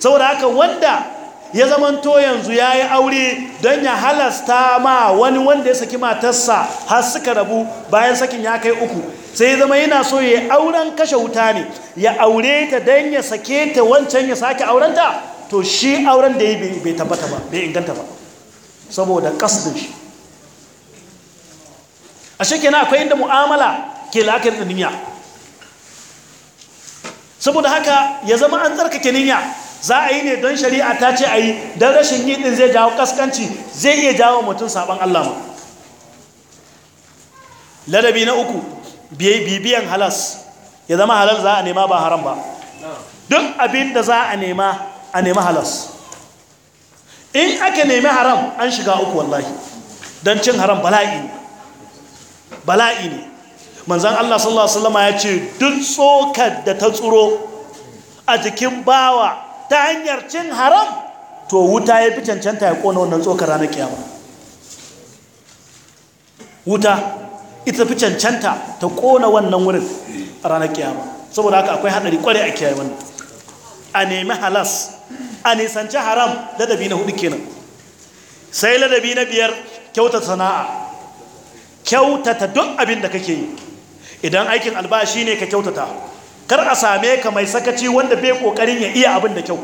saboda haka wanda ya zamanto yanzu ya yi aure don ya halasta ma wani wanda ya saki matarsa har suka rabu bayan sakin ya kai uku sai ya zama yana so ya yi auren kashe wuta ne ya aure ta don ya sake ta wancan ya sake aurenta to shi auren da ya yi bai tabbata ba bai inganta ba saboda kasdin shi a shekina akwai inda mu'amala ke la'akar da niyya saboda haka ya zama an tsarkake niyya za a yi ne don shari'a ta ce a yi don rashin yi din zai jawo kaskanci zai iya jawo mutum sabon Allah ma ladabi na uku bibiyan halas ya zama halal za a nema ba haram ba duk abin da za a nema a nema halas in aka nemi haram an shiga uku wallahi don cin haram bala'i ne bala'i ne manzan Allah sallallahu Alaihi wasallama ya ce duk tsokar da ta tsoro a jikin bawa ta hanyar cin haram to wuta ya fi cancanta ya kona wannan tsokar ranar kiyama wuta ita fi cancanta ta kona wannan wurin ranar kiyama saboda haka akwai haɗari kware a kiyaye a nemi halas a nisanci haram ladabi na hudu kenan sai ladabi na biyar kyauta sana'a kyautata duk abin da kake yi idan aikin albashi ne ka kyautata kar a same ka mai sakaci wanda bai kokarin ya iya abin da kyau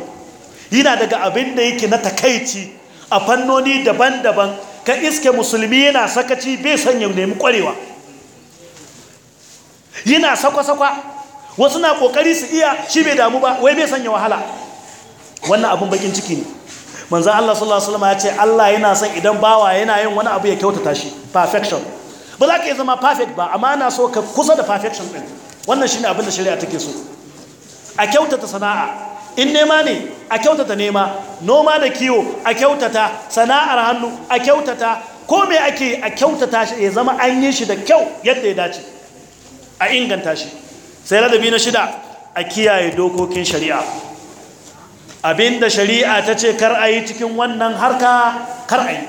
yana daga abin da yake na takaici a fannoni daban-daban ka iske musulmi yana sakaci bai son ya nemi kwarewa yana sakwa-sakwa wasu na kokari su iya shi bai damu ba wai bai sanya wahala wannan abin bakin ciki ne manzan Allah sallallahu Alaihi wasallam ya ce Allah yana son idan bawa yana yin wani abu ya kyautata shi perfection ba za ka yi zama perfect ba amma na so ka kusa da perfection ɗin wannan shine abin da shari'a take so a kyautata sana'a in nema ne a kyautata nema noma da kiwo a kyautata sana'ar hannu a kyautata ko me ake a kyautata shi ya zama an yi shi da kyau yadda ya dace a inganta shi sai ladabi na shida a kiyaye dokokin shari'a abinda shari'a ta ce kar a yi cikin wannan harka kar a yi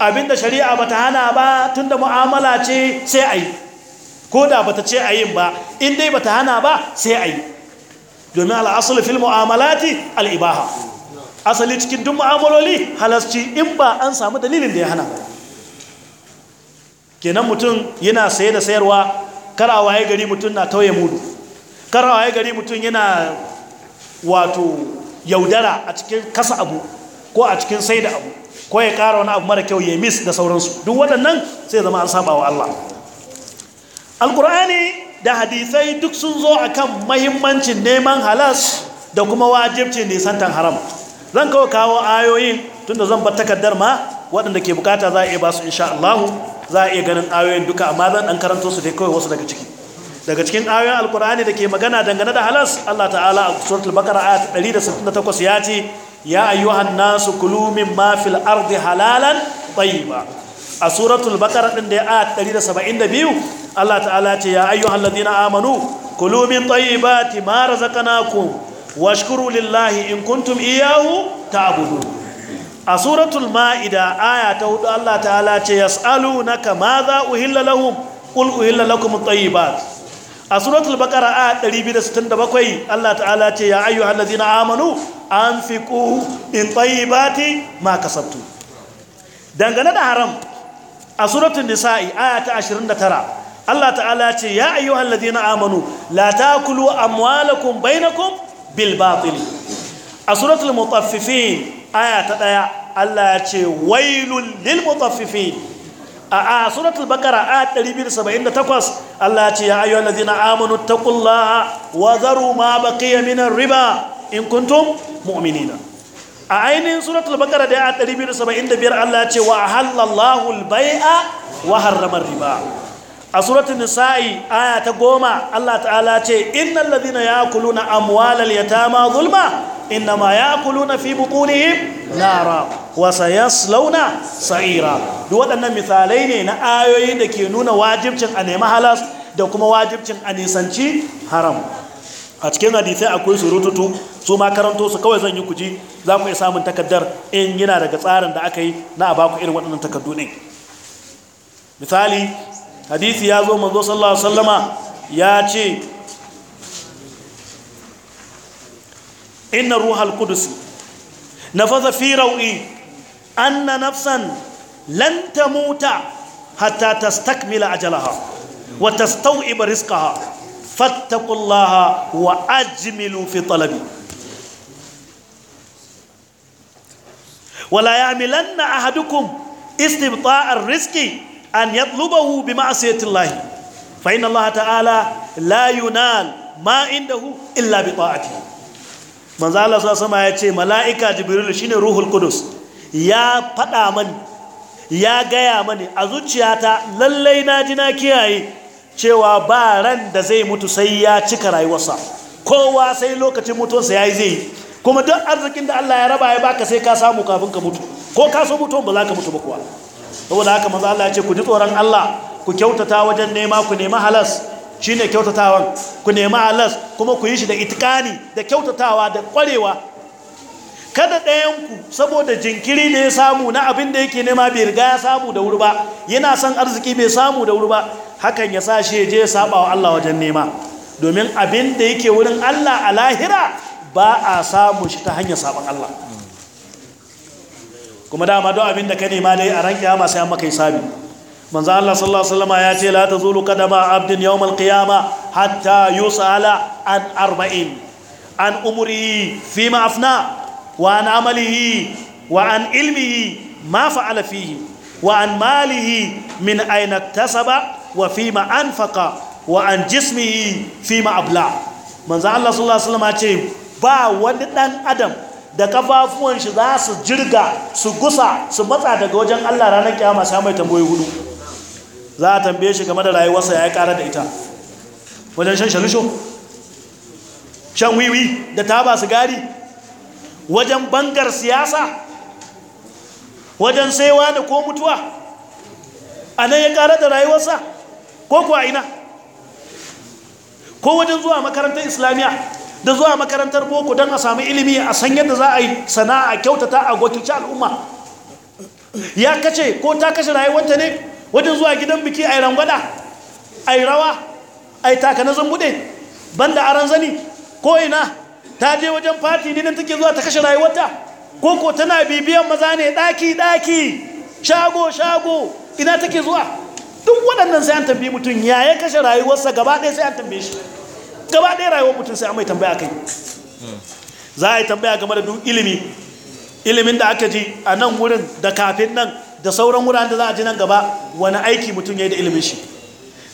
abinda shari'a ba ta hana ba tunda mu'amala ce sai a yi ko da bata ce a yin ba in dai bata hana ba sai a yi domin al'asali fil mu'amalati al'ibaha asali cikin duk mu'amaloli halasci in ba an samu dalilin da ya hana ba kenan mutum yana saye da sayarwa karawa ya gari mutum na tauye mudu karawa ya gari mutum yana wato yaudara a cikin kasa abu ko a cikin sai da abu ko ya kara wani abu mara kyau ya mis da sauransu duk waɗannan sai zama an saba wa Allah alkur'ani da hadisai duk sun zo a kan mahimmancin neman halas da kuma wajibci nisantan haram zan kawo kawo ayoyin tunda zan bar takardar ma waɗanda ke bukata za a iya basu insha Allah za a iya ganin ayoyin duka amma zan ɗan karanto su dai kawai wasu daga ciki daga cikin ayoyin alkur'ani da ke magana dangane da halas Allah ta'ala a suratul baqara ayat 168 ya ce ya ayyuhan nasu kulu mimma fil ardi halalan tayyiba a suratul baqara din da ayat 172 Allah ta'ala ce ya ayyuhal ladina amanu kulu min tayyibati ma razaqnakum washkuru lillahi in kuntum iyyahu ta'budun a suratul ma'ida aya ta hudu Allah ta'ala ce yas'alunaka madha uhilla lahum qul uhilla lakum at-tayyibat a suratul baqara aya 267 Allah ta'ala ce ya ayyuhal ladina amanu anfiqu in tayyibati ma kasabtum dangane da haram a suratun nisa'i ayata ta 29 Allah ta'ala ce ya ayyuhal ladina amanu la taakulu amwalakum bainakum bil batil a suratul mutaffifin aya ta daya Allah ya ce wailul lil mutaffifin a a suratul bakara aya 278 Allah ya ce ya ayyuhal ladina amanu kulla wa dharu ma baqiya minan riba in kuntum mu'minina a ainihin suratul baqara da ayat 275 Allah ya ce wa halallahu al wa harrama riba a suratul nisa'i aya ta goma Allah ta'ala ce innal ladhina ya'kuluna amwalal yatama zulma innama ya'kuluna fi butunihim nara wa sayaslawna sa'ira duk waɗannan misalai ne na ayoyi da ke nuna wajibcin a nemi halas da kuma wajibcin a nisanci haram a cikin hadisai akwai surututu su ma karanto su kawai zan yi kuji za ku iya samun takaddar in yana daga tsarin da aka yi na a ku irin waɗannan takaddu ne misali hadisi ya zo manzo sallallahu alaihi wasallama ya ce inna ruhal qudus nafaza fi rawi anna nafsan lan tamuta hatta tastakmila ajalaha wa tastaw'iba rizqaha fattakullaha wa ajmilu fi talabi wala yahmilanna ahadukum istibta'ar rizqi an yatlubahu bi ma'siyatillahi fa inna allaha ta'ala la yunal ma indahu illa bi ta'atihi manzo Allah sama ya ce mala'ika jibril shine ruhul kudus. ya faɗa mani ya gaya mani a zuciyata lallai na ji na kiyaye cewa ba ran da zai mutu sai ya cika rayuwarsa kowa sai lokacin mutuwarsa ya yi zai yi kuma duk arzikin da Allah ya raba ya baka sai ka samu kafin ka mutu ko ka so mutuwan ba za ka mutu ba kuwa saboda haka maza Allah ya ce ku ji tsoron Allah ku kyautata wajen nema ku nema halas shine kyautatawan ku nema halas kuma ku yi shi da itikani da kyautatawa da kwarewa kada ɗayanku saboda jinkiri da ya samu na abin da yake nema bai riga ya samu da wuri ba yana son arziki bai samu da wuri ba hakan ya sa shi je ya saba wa Allah wajen nema domin abin da yake wurin Allah a lahira ba a samu shi ta hanyar saban Allah kuma dama don abin da ka nema dai a ran kiyama sai an maka hisabi manzo Allah sallallahu alaihi wasallam ya ce la tazulu qadama abdin yawm alqiyama hatta yusala an arba'in an umri fima afna wa an amalihi wa an ilmihi ma fa'ala wa an malihi min aina tasaba wa fima anfaqa wa an jismihi fima abla manzo Allah sallallahu alaihi wasallam ce ba wani ɗan adam da ƙafafuwan shi za su jirga su gusa su matsa daga wajen Allah ranar kiyama sai mai tambayoyi hudu za a tambaye shi game da rayuwarsa ya yi kara da ita wajen shan shalusho shan wiwi da taba sigari wajen bangar siyasa wajen saiwa da ko mutuwa a nan ya kara da rayuwarsa ko kuwa ina ko wajen zuwa makarantar islamiyya da zuwa makarantar boko don a sami ilimi a san yadda za a yi sana'a kyautata a gwakilci al'umma ya kace ko ta kashe rayuwarta ne wajen zuwa gidan biki a yi rangwada a yi rawa a yi takanazin bude banda aran zani ko ina ta je wajen fati ne nan take zuwa ta kashe rayuwarta ko ko tana bibiyan maza ne daki daki shago shago ina take zuwa duk waɗannan sai an tambaye mutum ya ya kashe rayuwarsa gaba ɗaya sai an tambaye shi gaba ɗaya rayuwar mutum sai an mai tambaya kai za a yi tambaya game da duk ilimi ilimin da aka ji a nan wurin da kafin nan da sauran wuraren da za a ji nan gaba wani aiki mutum ya yi da ilimin shi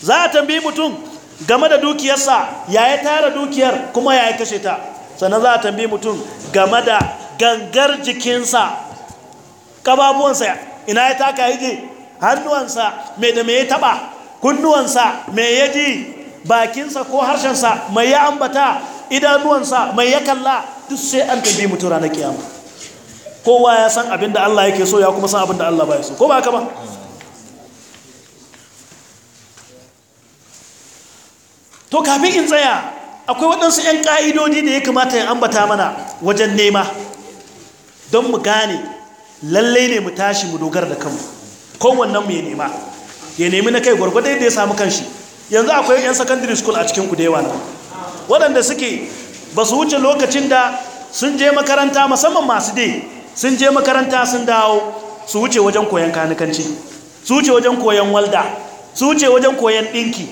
za a tambaye mutum game da dukiyarsa ya ya tara dukiyar kuma ya ya kashe ta sannan za a tambi mutum game da gangar jikinsa ƙababuwansa ina ya taka yaje hannuwansa mai da mai ya taɓa kunnuwansa mai ya ji bakinsa ko harshensa mai ya ambata idanuwansa mai ya kalla duk sai an tambi mutum ranar kiyama kowa ya san abin da Allah yake so ya kuma san abin da Allah ba ya so ko ba ka ba to kafin in tsaya akwai waɗansu 'yan ƙa'idodi da ya kamata ya ambata mana wajen nema don mu gane lallai ne mu tashi mu dogara da kanmu kowannan mu ya nema ya nemi na kai gwargwado da ya samu kanshi yanzu akwai 'yan secondary school a cikin kudewa na waɗanda suke ba su wuce lokacin da sun je makaranta musamman masu dai sun je makaranta sun dawo su wuce wajen koyon kanikanci su wuce wajen koyon walda su wuce wajen koyon ɗinki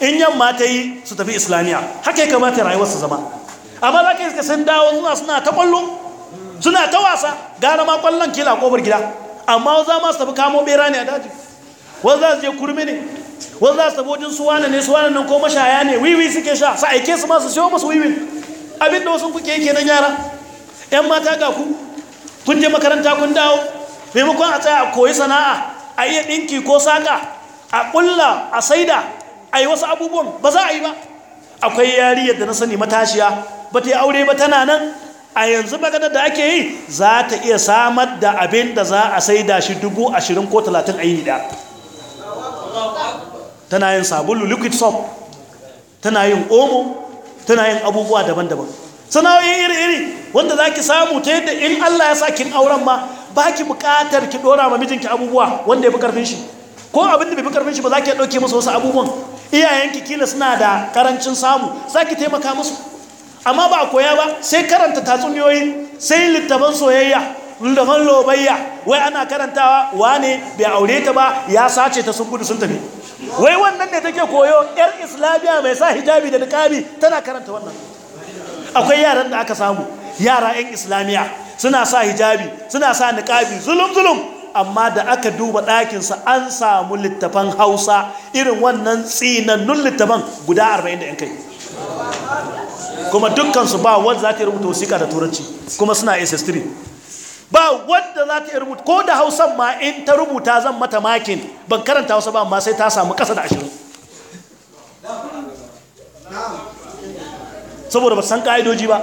in yamma ta yi su tafi islamiyya haka ya kamata rayuwar su zama amma za ka yi sun dawo suna suna ta kwallo suna ta wasa gara ma kwallon kila kofar gida amma za ma su tafi kamo bera ne a daji wanzu za su je kurmi ne wanzu za su tafi wajen su wane ne su wane nan ko mashaya ne wiwi suke sha su aike su ma su siyo masu wiwi abin da wasu kuke yake nan yara yan mata ga ku kun je makaranta kun dawo maimakon a tsaya a koyi sana'a a iya ɗinki ko saƙa a ƙulla a saida a yi wasu abubuwan ba za a yi ba akwai yariyar da na sani matashiya ba ta yi aure ba tana nan a yanzu maganar da ake yi za ta iya samar da abin da za a sai da shi dubu ashirin ko talatin a yi da tana yin sabulu liquid soap tana yin omo tana yin abubuwa daban-daban sana'o'i iri-iri wanda za ki samu ta yadda in allah ya sa kin auren ma ba ki bukatar ki dora ma mijinki abubuwa wanda ya fi karfin shi ko abin da bai fi karfin shi ba za ki ɗauke masa wasu abubuwan iyayenki kila suna da karancin samu za ki taimaka musu amma ba a koya ba sai karanta tatsuniyoyi sai littafan soyayya littafan lobayya wai ana karantawa wane bai aure ta ba ya sace ta sun gudu sun tafi wai wannan ne take koyo yar islamiya mai sa hijabi da nikabi tana karanta wannan akwai yaran da aka samu yara yan islamiya suna sa hijabi suna sa nikabi zulum zulum amma da aka duba ɗakinsa an samu littafan hausa irin wannan tsinannun littafan guda 40 da yan kai kuma dukkansu ba wadda za ta rubuta wasiƙa da turanci kuma suna ss3 ba wadda za ta rubuta ko da hausan ma in ta rubuta zan mata makin ban karanta hausa ba amma sai ta samu ƙasa da ashirin saboda ba san ƙa'idoji ba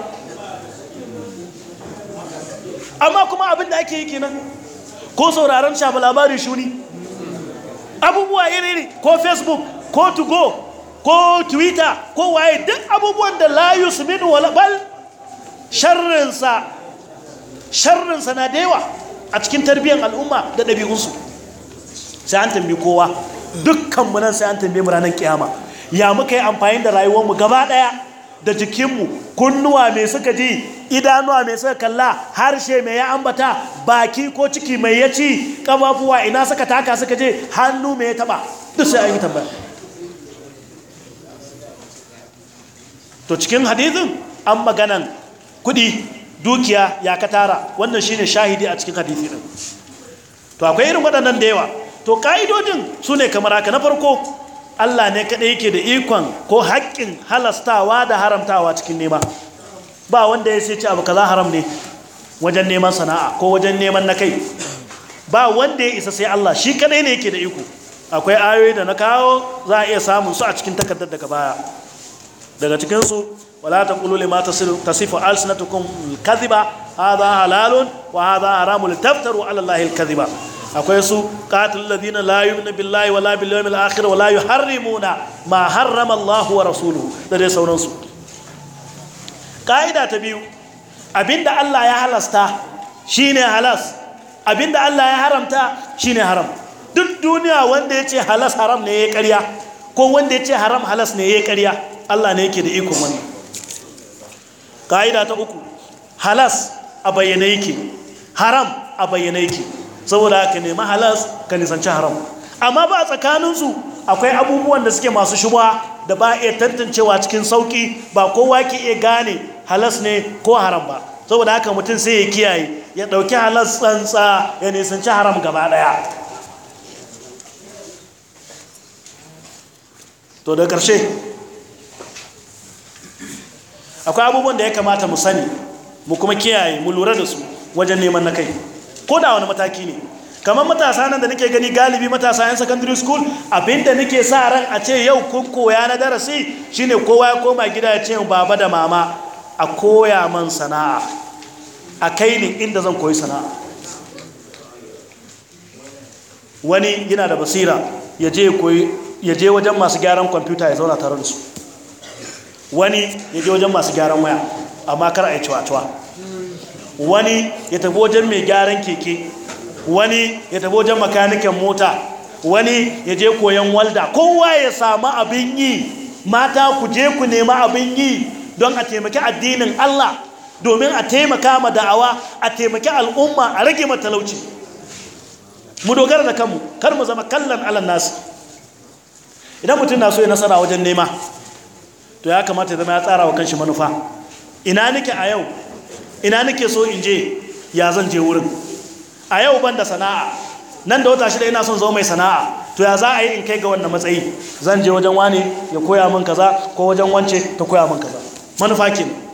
amma kuma abin da ake yi kenan ko sauraron shafa labarin shuni abubuwa iri ko facebook ko to go ko twitter ko waye duk abubuwan da layus min walabal sharrinsa sharrinsa na da yawa a cikin tarbiyyar al'umma da ɗabi'unsu sai an tambi kowa dukkanmu nan sai an tambi mu ranar kiyama ya muka yi amfani da rayuwarmu gaba ɗaya da jikinmu kunnuwa mai suka ji idanuwa mai suka kalla harshe mai ya ambata baki ko ciki mai ya ci ƙafafuwa ina suka taka suka je hannu mai ya taɓa duk sai an yi tambaya to cikin hadithin an maganan kuɗi dukiya ya ka tara wannan shine shahidi a cikin hadithi ɗin to akwai irin waɗannan da yawa to ƙa'idojin su ne kamar haka na farko Allah ne kaɗai yake da ikon ko haƙƙin halastawa da haramtawa cikin nema ba wanda ya sai ce abu kaza haram ne wajen neman sana'a ko wajen neman na kai ba wanda ya isa sai Allah shi kaɗai ne yake da iko akwai ayoyi da na kawo za a iya samun su a cikin takardar daga baya daga cikinsu wala ta ƙulu lima ta alsinatukum kadhiba hadha halalun wa hadha haramun taftaru ala allahi akwai su qatil ladina la yu'minu billahi wala bil yawmil akhir wala yuharrimuna ma harrama Allah wa rasuluhu da dai sauransu kaida ta biyu abinda Allah ya halasta shine halas abinda Allah ya haramta shine haram duk duniya wanda yace halas haram ne ya ƙarya ko wanda yace haram halas ne ya ƙarya Allah ne yake da ikon wannan kaida ta uku halas a bayyana yake haram a bayyana yake saboda ka nemi halas ka nisanci haram amma ba a tsakaninsu akwai abubuwan da suke masu shuba da ba iya tantancewa cikin sauki ba kowa ke iya gane halas ne ko haram ba saboda haka mutum sai ya kiyaye ya ɗauki halas tsantsa ya nisanci haram gaba ɗaya to da ƙarshe akwai abubuwan da ya kamata mu sani mu kuma kiyaye mu lura da su wajen neman na kai ko da wani mataki ne kamar matasa nan da nake gani galibi matasa yan secondary school abinda nake sa ran a ce yau kun koya na darasi shine kowa ya koma gida ya ce baba da mama a koya man sana'a a kai ni inda zan koyi sana'a wani yana da basira ya je koyi ya je wajen masu gyaran kwamfuta ya zauna tare da su wani ya je wajen masu gyaran waya amma kar a yi cewa cewa wani ya tafi wajen mai gyaran keke wani ya tafi wajen makanikin mota wani ya je koyon walda kowa ya samu abin yi mata ku je ku nema abin yi don a taimaki addinin Allah domin a taimaka ma da'awa a taimaki al'umma a rage matalauci mu dogara da kanmu kar mu zama kallon alan nasu idan mutum na so ya nasara wajen nema to ya kamata ya zama ya tsara wa kanshi manufa ina nake a yau ina nake so in je ya zan je wurin a yau ban da sana'a nan da wata shida ina son zo mai sana'a to ya za a yi in kai ga wannan matsayi zan je wajen wani ya koya min kaza ko wajen wance ta koya min kaza manufa kenan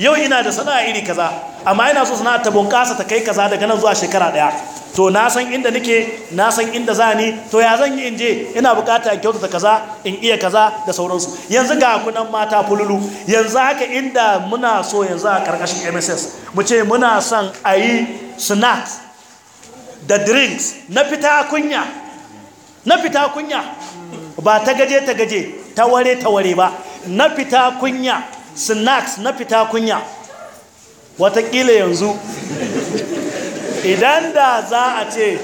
yau ina da sana'a iri kaza amma ina so sana'a ta bunƙasa ta kai kaza daga nan zuwa shekara ɗaya to na san inda nake na san inda za ni to ya zan yi in je ina bukata kyautata kaza in iya kaza da sauransu yanzu ga kunan mata fululu yanzu haka inda muna so yanzu a ƙarƙashin mss mu ce muna son a yi snacks da drinks na fita kunya na fita kunya ba ta gaje ta gaje ta ware ta ware ba na fita kunya snacks na fita kunya watakila yanzu idan da za a ce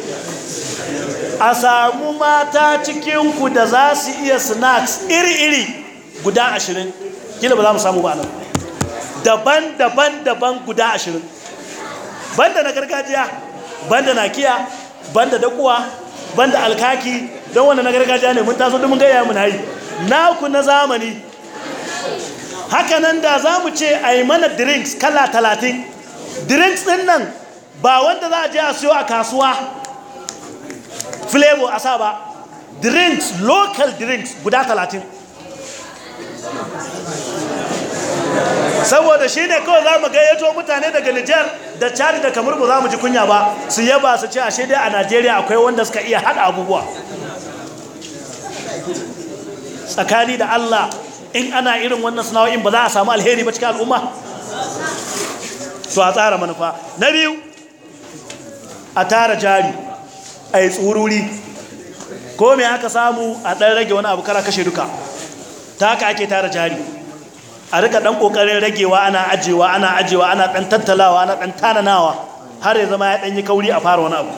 a samu mata cikinku da za su iya snacks iri-iri guda ashirin gina ba za mu samu ba nan daban-daban-daban guda ashirin banda na gargajiya banda na kiya banda kuwa banda alkaki don wanda na gargajiya ne mun taso dumin gaya mun hayi naku na zamani haka nan da za mu ce a yi mana drinks kala talatin drinks din nan ba wanda za a je a siyo a kasuwa flavor a sa ba drinks local drinks guda talatin saboda shi ne kawai za mu gayyato mutane daga nijar da cari da kamar ba za mu ji kunya ba su yaba su ce a shaidai a najeriya akwai wanda suka iya haɗa abubuwa tsakani da allah in ana irin wannan sana'o'in ba za a samu alheri ba cikin al'umma to a tsara manufa na biyu a tara jari a yi tsururi ko me aka samu a ɗan rage wani abu kara kashe duka ta haka ake tara jari a rika ɗan ƙoƙarin ragewa ana ajewa ana ajewa ana ɗan tattalawa ana ɗan tananawa har ya zama ya ɗan yi kauri a fara wani abu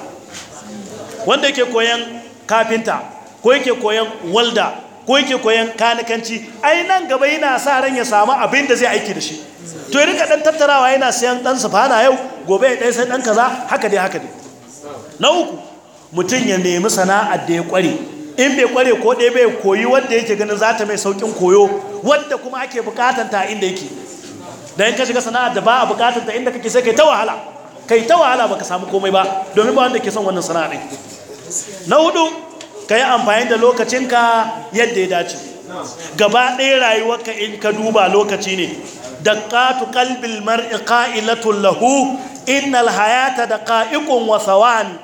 wanda yake koyan kafinta ko yake koyan walda ko yake koyan kanikanci ai nan gaba yana sa ran ya samu abin da zai aiki da shi to rika dan tattarawa yana sayan dan sufana yau gobe ya dai sai dan kaza haka dai haka dai na uku mutum ya nemi sana'ar da ya kware in bai kware ko dai bai koyi wanda yake ganin za ta mai saukin koyo wanda kuma ake bukatan ta inda yake dan ka shiga sana'ar da ba a bukatan ta inda kake sai kai ta wahala kai ta wahala baka samu komai ba domin ba wanda ke son wannan sana'a din na hudu ka yi amfani da lokacinka yadda ya dace gaba ɗaya rayuwarka in ka duba lokaci ne da ƙatu kalbin mar'i ƙa'ilatun lahu innal hayata da ƙa'ikun wasawan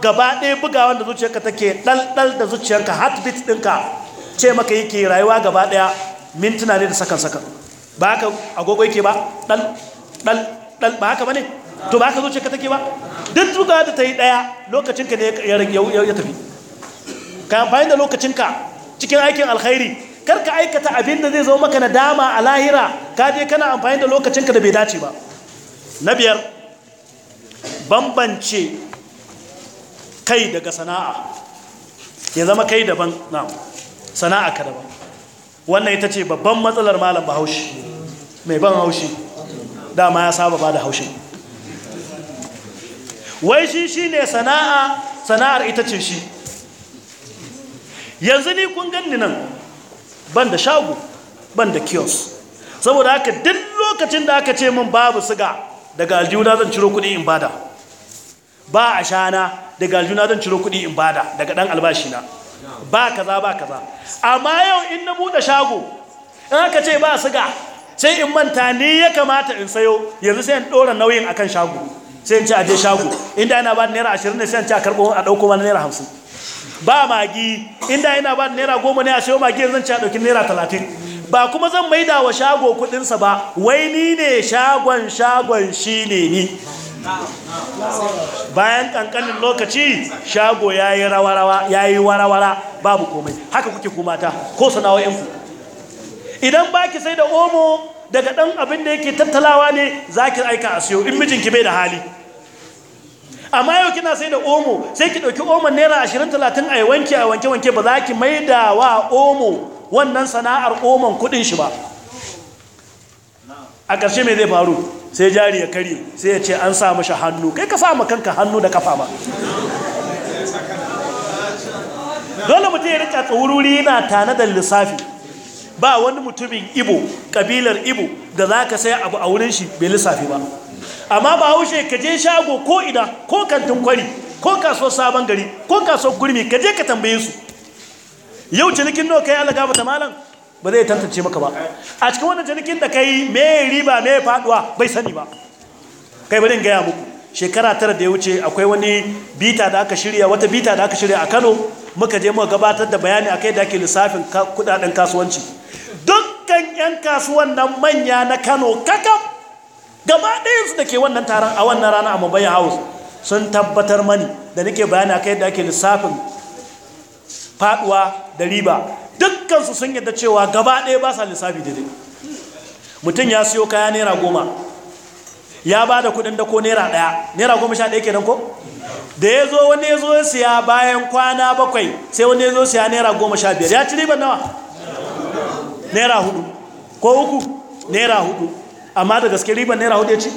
gaba ɗaya buga wanda zuciyarka take ɗalɗal da zuciyarka heartbeat ɗinka ce maka yake rayuwa gaba ɗaya mintuna ne da sakan-sakan ba haka agogo yake ba ɗal ba haka ba ne to ba haka zuciyarka take ba duk buga da ta yi ɗaya lokacinka ne ya tafi ka amfani da lokacinka cikin aikin alkhairi kar ka aikata abin da zai zo maka na dama a lahira ka je kana amfani da lokacinka da bai dace ba na biyar bambance kai daga sana'a ya zama kai daban na sana'a ka daban wannan ita ce babban matsalar malam bahaushe mai ban haushi dama ya saba ba da haushi wai shi shi ne sana'a sana'ar ita ce shi yanzu ni kun ganni nan ban da shago ban da kiosk saboda haka duk lokacin da aka ce min babu siga daga na zan ciro kuɗi in bada ba a shana daga na zan ciro kuɗi in bada daga ɗan albashina ba kaza ba kaza amma yau in na buɗe shago in aka ce ba siga sai in manta ni ya kamata in sayo yanzu sai in ɗora nauyin akan shago sai in ci je shago inda ana ba naira ashirin ne sai in ci a karɓo a ɗauko mana naira hamsin ba magi inda yana ba naira goma ne a sayo magi yanzu ci a ɗauki naira talatin ba kuma zan maida wa shago kuɗinsa ba wai ni ne shagon shagon shi ne ni bayan ƙanƙanin lokaci shago ya yi rawarawa ya yi warawara babu komai haka kuke kumata ko sana'o'inku idan baki sai da omo daga ɗan abin da yake tattalawa ne za ki aika a siyo in mijinki bai da hali amma yau kina sai da omo sai ki ɗauki omo naira ashirin talatin a wanke a wanke wanke ba za ki maida wa omo wannan sana'ar omon kuɗin shi ba a ƙarshe mai zai faru sai jari ya karye sai ya ce an sa mashi hannu kai ka sa ma kanka hannu da kafa ba dole mutum ya rika tsururi yana tana da lissafi ba wani mutumin ibo kabilar ibo da za ka saya abu a wurin shi bai lissafi ba amma ba haushe ka je shago ko ina ko kantin kwari ko kasuwar sabon gari ko kasuwar gurmi ka je ka tambaye su yau cinikin nawa kai alaga mata malam ba zai tantance maka ba a cikin wannan cinikin da ka yi me riba me faduwa bai sani ba kai bari in gaya muku shekara tara da ya wuce akwai wani bita da aka shirya wata bita da aka shirya a Kano muka je muka gabatar da bayani akai da ake lissafin kudaden kasuwanci dukkan 'yan kasuwan nan manya na kano kakam gaba ɗayansu da ke wannan taron a wannan rana a mobile house sun tabbatar mani da nake bayani a kai da ake lissafin faduwa da riba dukkansu sun yadda cewa gaba ɗaya ba sa lissafi daidai mutum ya siyo kaya naira goma ya ba da kudin da ko naira ɗaya naira goma sha ɗaya kenan ko da ya zo wani ya zo siya bayan kwana bakwai sai wani ya zo siya naira goma sha biyar ya ci riban nawa naira hudu ko uku naira hudu amma da gaske riba naira hudu ya ci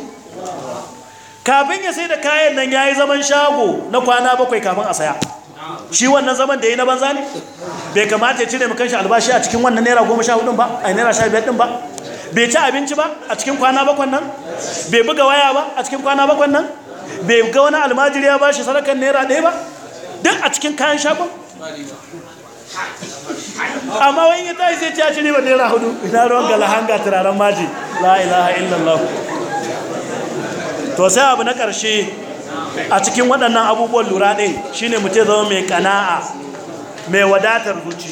kafin ya sai da kayan nan ya yi zaman shago na kwana bakwai kafin a saya shi wannan zaman da ya yi na banza ne bai kamata ya cire mu kanshi albashi a cikin wannan naira goma sha hudun ba a naira sha biyar din ba bai ci abinci ba a cikin kwana bakwan nan bai buga waya ba a cikin kwana bakwan nan bai ga wani almajiri ya bashi shi sadakan naira ɗaya ba duk a cikin kayan shagon amma wani ya tashi sai ya ci riba naira hudu ina ruwan galahanga turaren maji la ilaha illallah to sai abu na karshe a cikin waɗannan abubuwan lura ɗin shine mutum zama mai kana'a mai wadatar zuci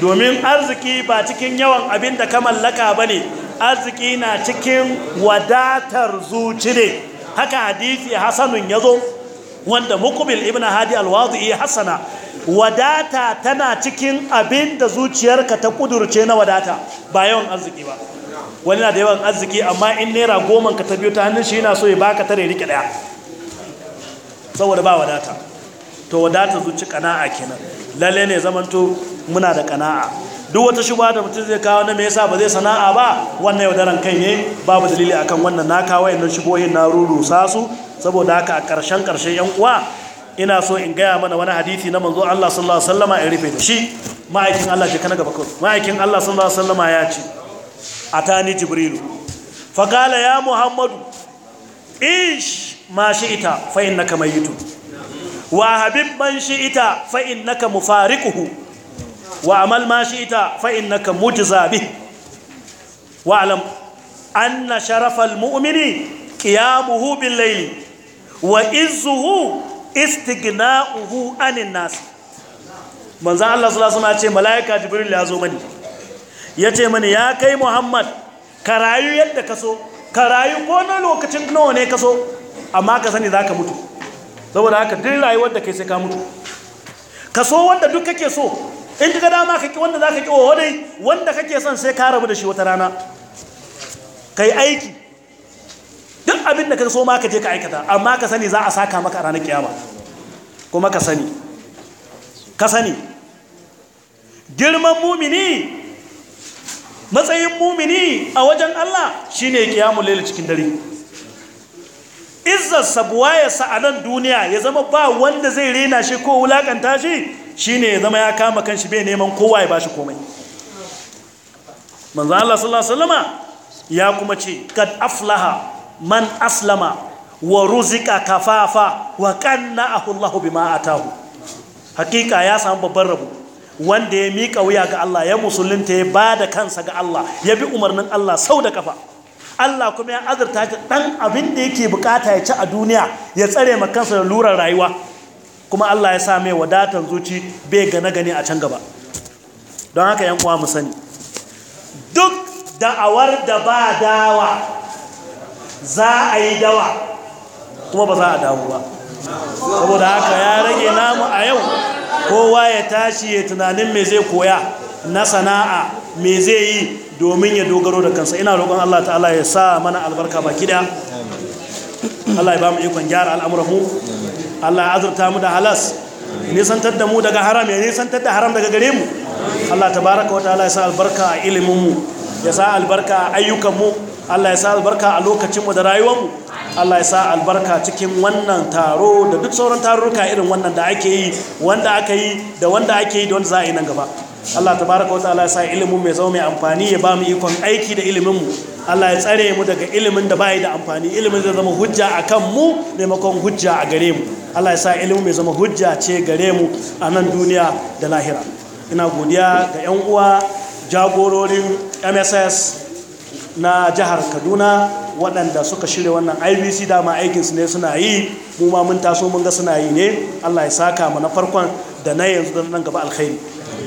domin arziki ba cikin yawan abin da ka mallaka ba ne arziki na cikin wadatar zuci ne haka hadisi hasanun ya zo wanda mukubil ibn hadi alwazi iya hassana wadata tana cikin abin da zuciyarka ta kudurce na wadata ba yawan arziki ba wani na da yawan arziki amma in naira goman ka ta biyo ta hannun shi yana so ya baka tare rike daya saboda ba wadata to wadata zuci kana'a kenan lalle ne zamanto muna da kana'a duk wata shuba da mutum zai kawo na me yasa ba zai sana'a ba wannan yaudaran kai ne babu dalili akan wannan na kawo yannan shubohin na rurusa su saboda haka a ƙarshen ƙarshen yan uwa ina so in gaya mana wani hadisi na manzo Allah sallallahu alaihi wasallama in rufe da shi ma'aikin Allah je kana gaba kawai ma'aikin Allah sallallahu alaihi wasallama ya ce A atani jibrilu fa qala ya muhammadu ish ma shi shi'ita fa innaka mayyitun wa habib man shi shi'ita fa innaka mufariquhu wa amal ma shi'ita fa innaka mujza bih wa alam anna sharafal mu'mini qiyamuhu bil laili. wa izzuhu istighna'uhu anin nas manzo Allah sallallahu alaihi wasallam ya ce malaika jibril ya zo mani yace mani ya kai muhammad ka rayu yadda kaso ka rayu ko na lokacin nawa ne kaso amma ka sani zaka mutu saboda haka din rayuwar da kai sai ka mutu kaso wanda duk kake so in kaga dama kake wanda zaka ki wa wanda kake son sai ka rabu da shi wata rana kai aiki abin da ka so ma ka je ka aikata amma ka sani za a saka maka a ranar kiyama kuma ka sani ka sani girman mumini matsayin mumini a wajen Allah shine kiyamu laila cikin dare izzar sabuwa ya nan duniya ya zama ba wanda zai rena shi ko wulakanta shi shine ya zama ya kama kan shi bai neman kowa ya bashi komai manzo Allah sallallahu alaihi wasallama ya kuma ce kad aflaha man aslama wa ruzika kafafa wa kanna ma bima atahu hakika ya samu babban rabu. wanda ya mika wuya ga Allah ya musulunta ya bada kansa ga Allah ya bi umarnin Allah sau da kafa Allah kuma ya azurta ta dan abin da yake bukata ya ci a duniya ya tsare ma kansa da lura rayuwa kuma Allah ya sa mai wadatan zuci bai gane gane a can gaba don haka yan uwa mu sani duk da'awar da ba dawa za a yi dawa kuma ba za a damu ba saboda haka ya rage namu a yau kowa ya tashi ya tunanin me zai koya na sana'a me zai yi domin ya dogaro da kansa ina roƙon Allah ta'ala ya sa mana albarka baki da Allah ya ba mu ikon gyara al'amuranmu Allah ya azurta mu da halas nisantar da mu daga haram ya nisantar da haram daga gare mu Allah tabaraka wa ta'ala ya sa albarka a ilimin mu ya sa albarka a ayyukan mu Allah ya sa albarka a lokacinmu da rayuwarmu Allah ya sa albarka cikin wannan taro da duk sauran tarurruka irin wannan da ake yi wanda aka yi da wanda ake yi da wanda za a yi nan gaba Allah tabaraka wata'ala ya sa ilimin mai zama mai amfani ya ba mu ikon aiki da ilimin mu Allah ya tsare mu daga ilimin da bai da amfani ilimin zai zama hujja a kan mu maimakon hujja a gare mu Allah ya sa ilimin mai zama hujja ce gare mu a nan duniya da lahira ina godiya ga 'yan uwa jagororin MSS na jihar kaduna waɗanda suka shirya wannan ibc dama aikinsu ne suna yi mu ma mun taso mun ga suna yi ne allah ya saka mu na farkon da na yanzu don nan gaba alkhairi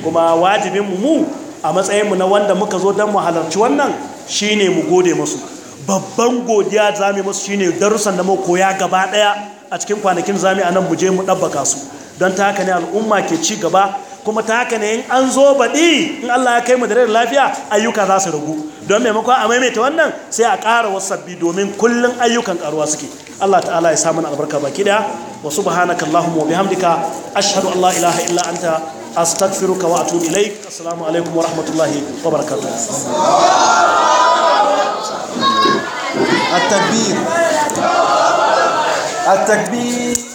kuma wajibin mu a matsayin mu na wanda muka zo don mu halarci wannan shine mu gode musu babban godiya za mu musu shine darussan da mu koya gaba ɗaya a cikin kwanakin zami a nan mu je mu ɗabbaka su don ta haka ne al'umma ke ci gaba kuma ta haka ne in an zo baɗi in Allah ya kai mu da rai lafiya ayyuka za su rugu don maimakon a maimaita wannan sai a ƙara wasu sabbi domin kullum ayyukan ƙaruwa suke Allah ta'ala ya samu albarka baki daya wa subhanaka allahumma wa bihamdika ashhadu an la ilaha illa anta astaghfiruka wa atubu ilaik assalamu alaikum wa rahmatullahi wa barakatuh at-takbir at-takbir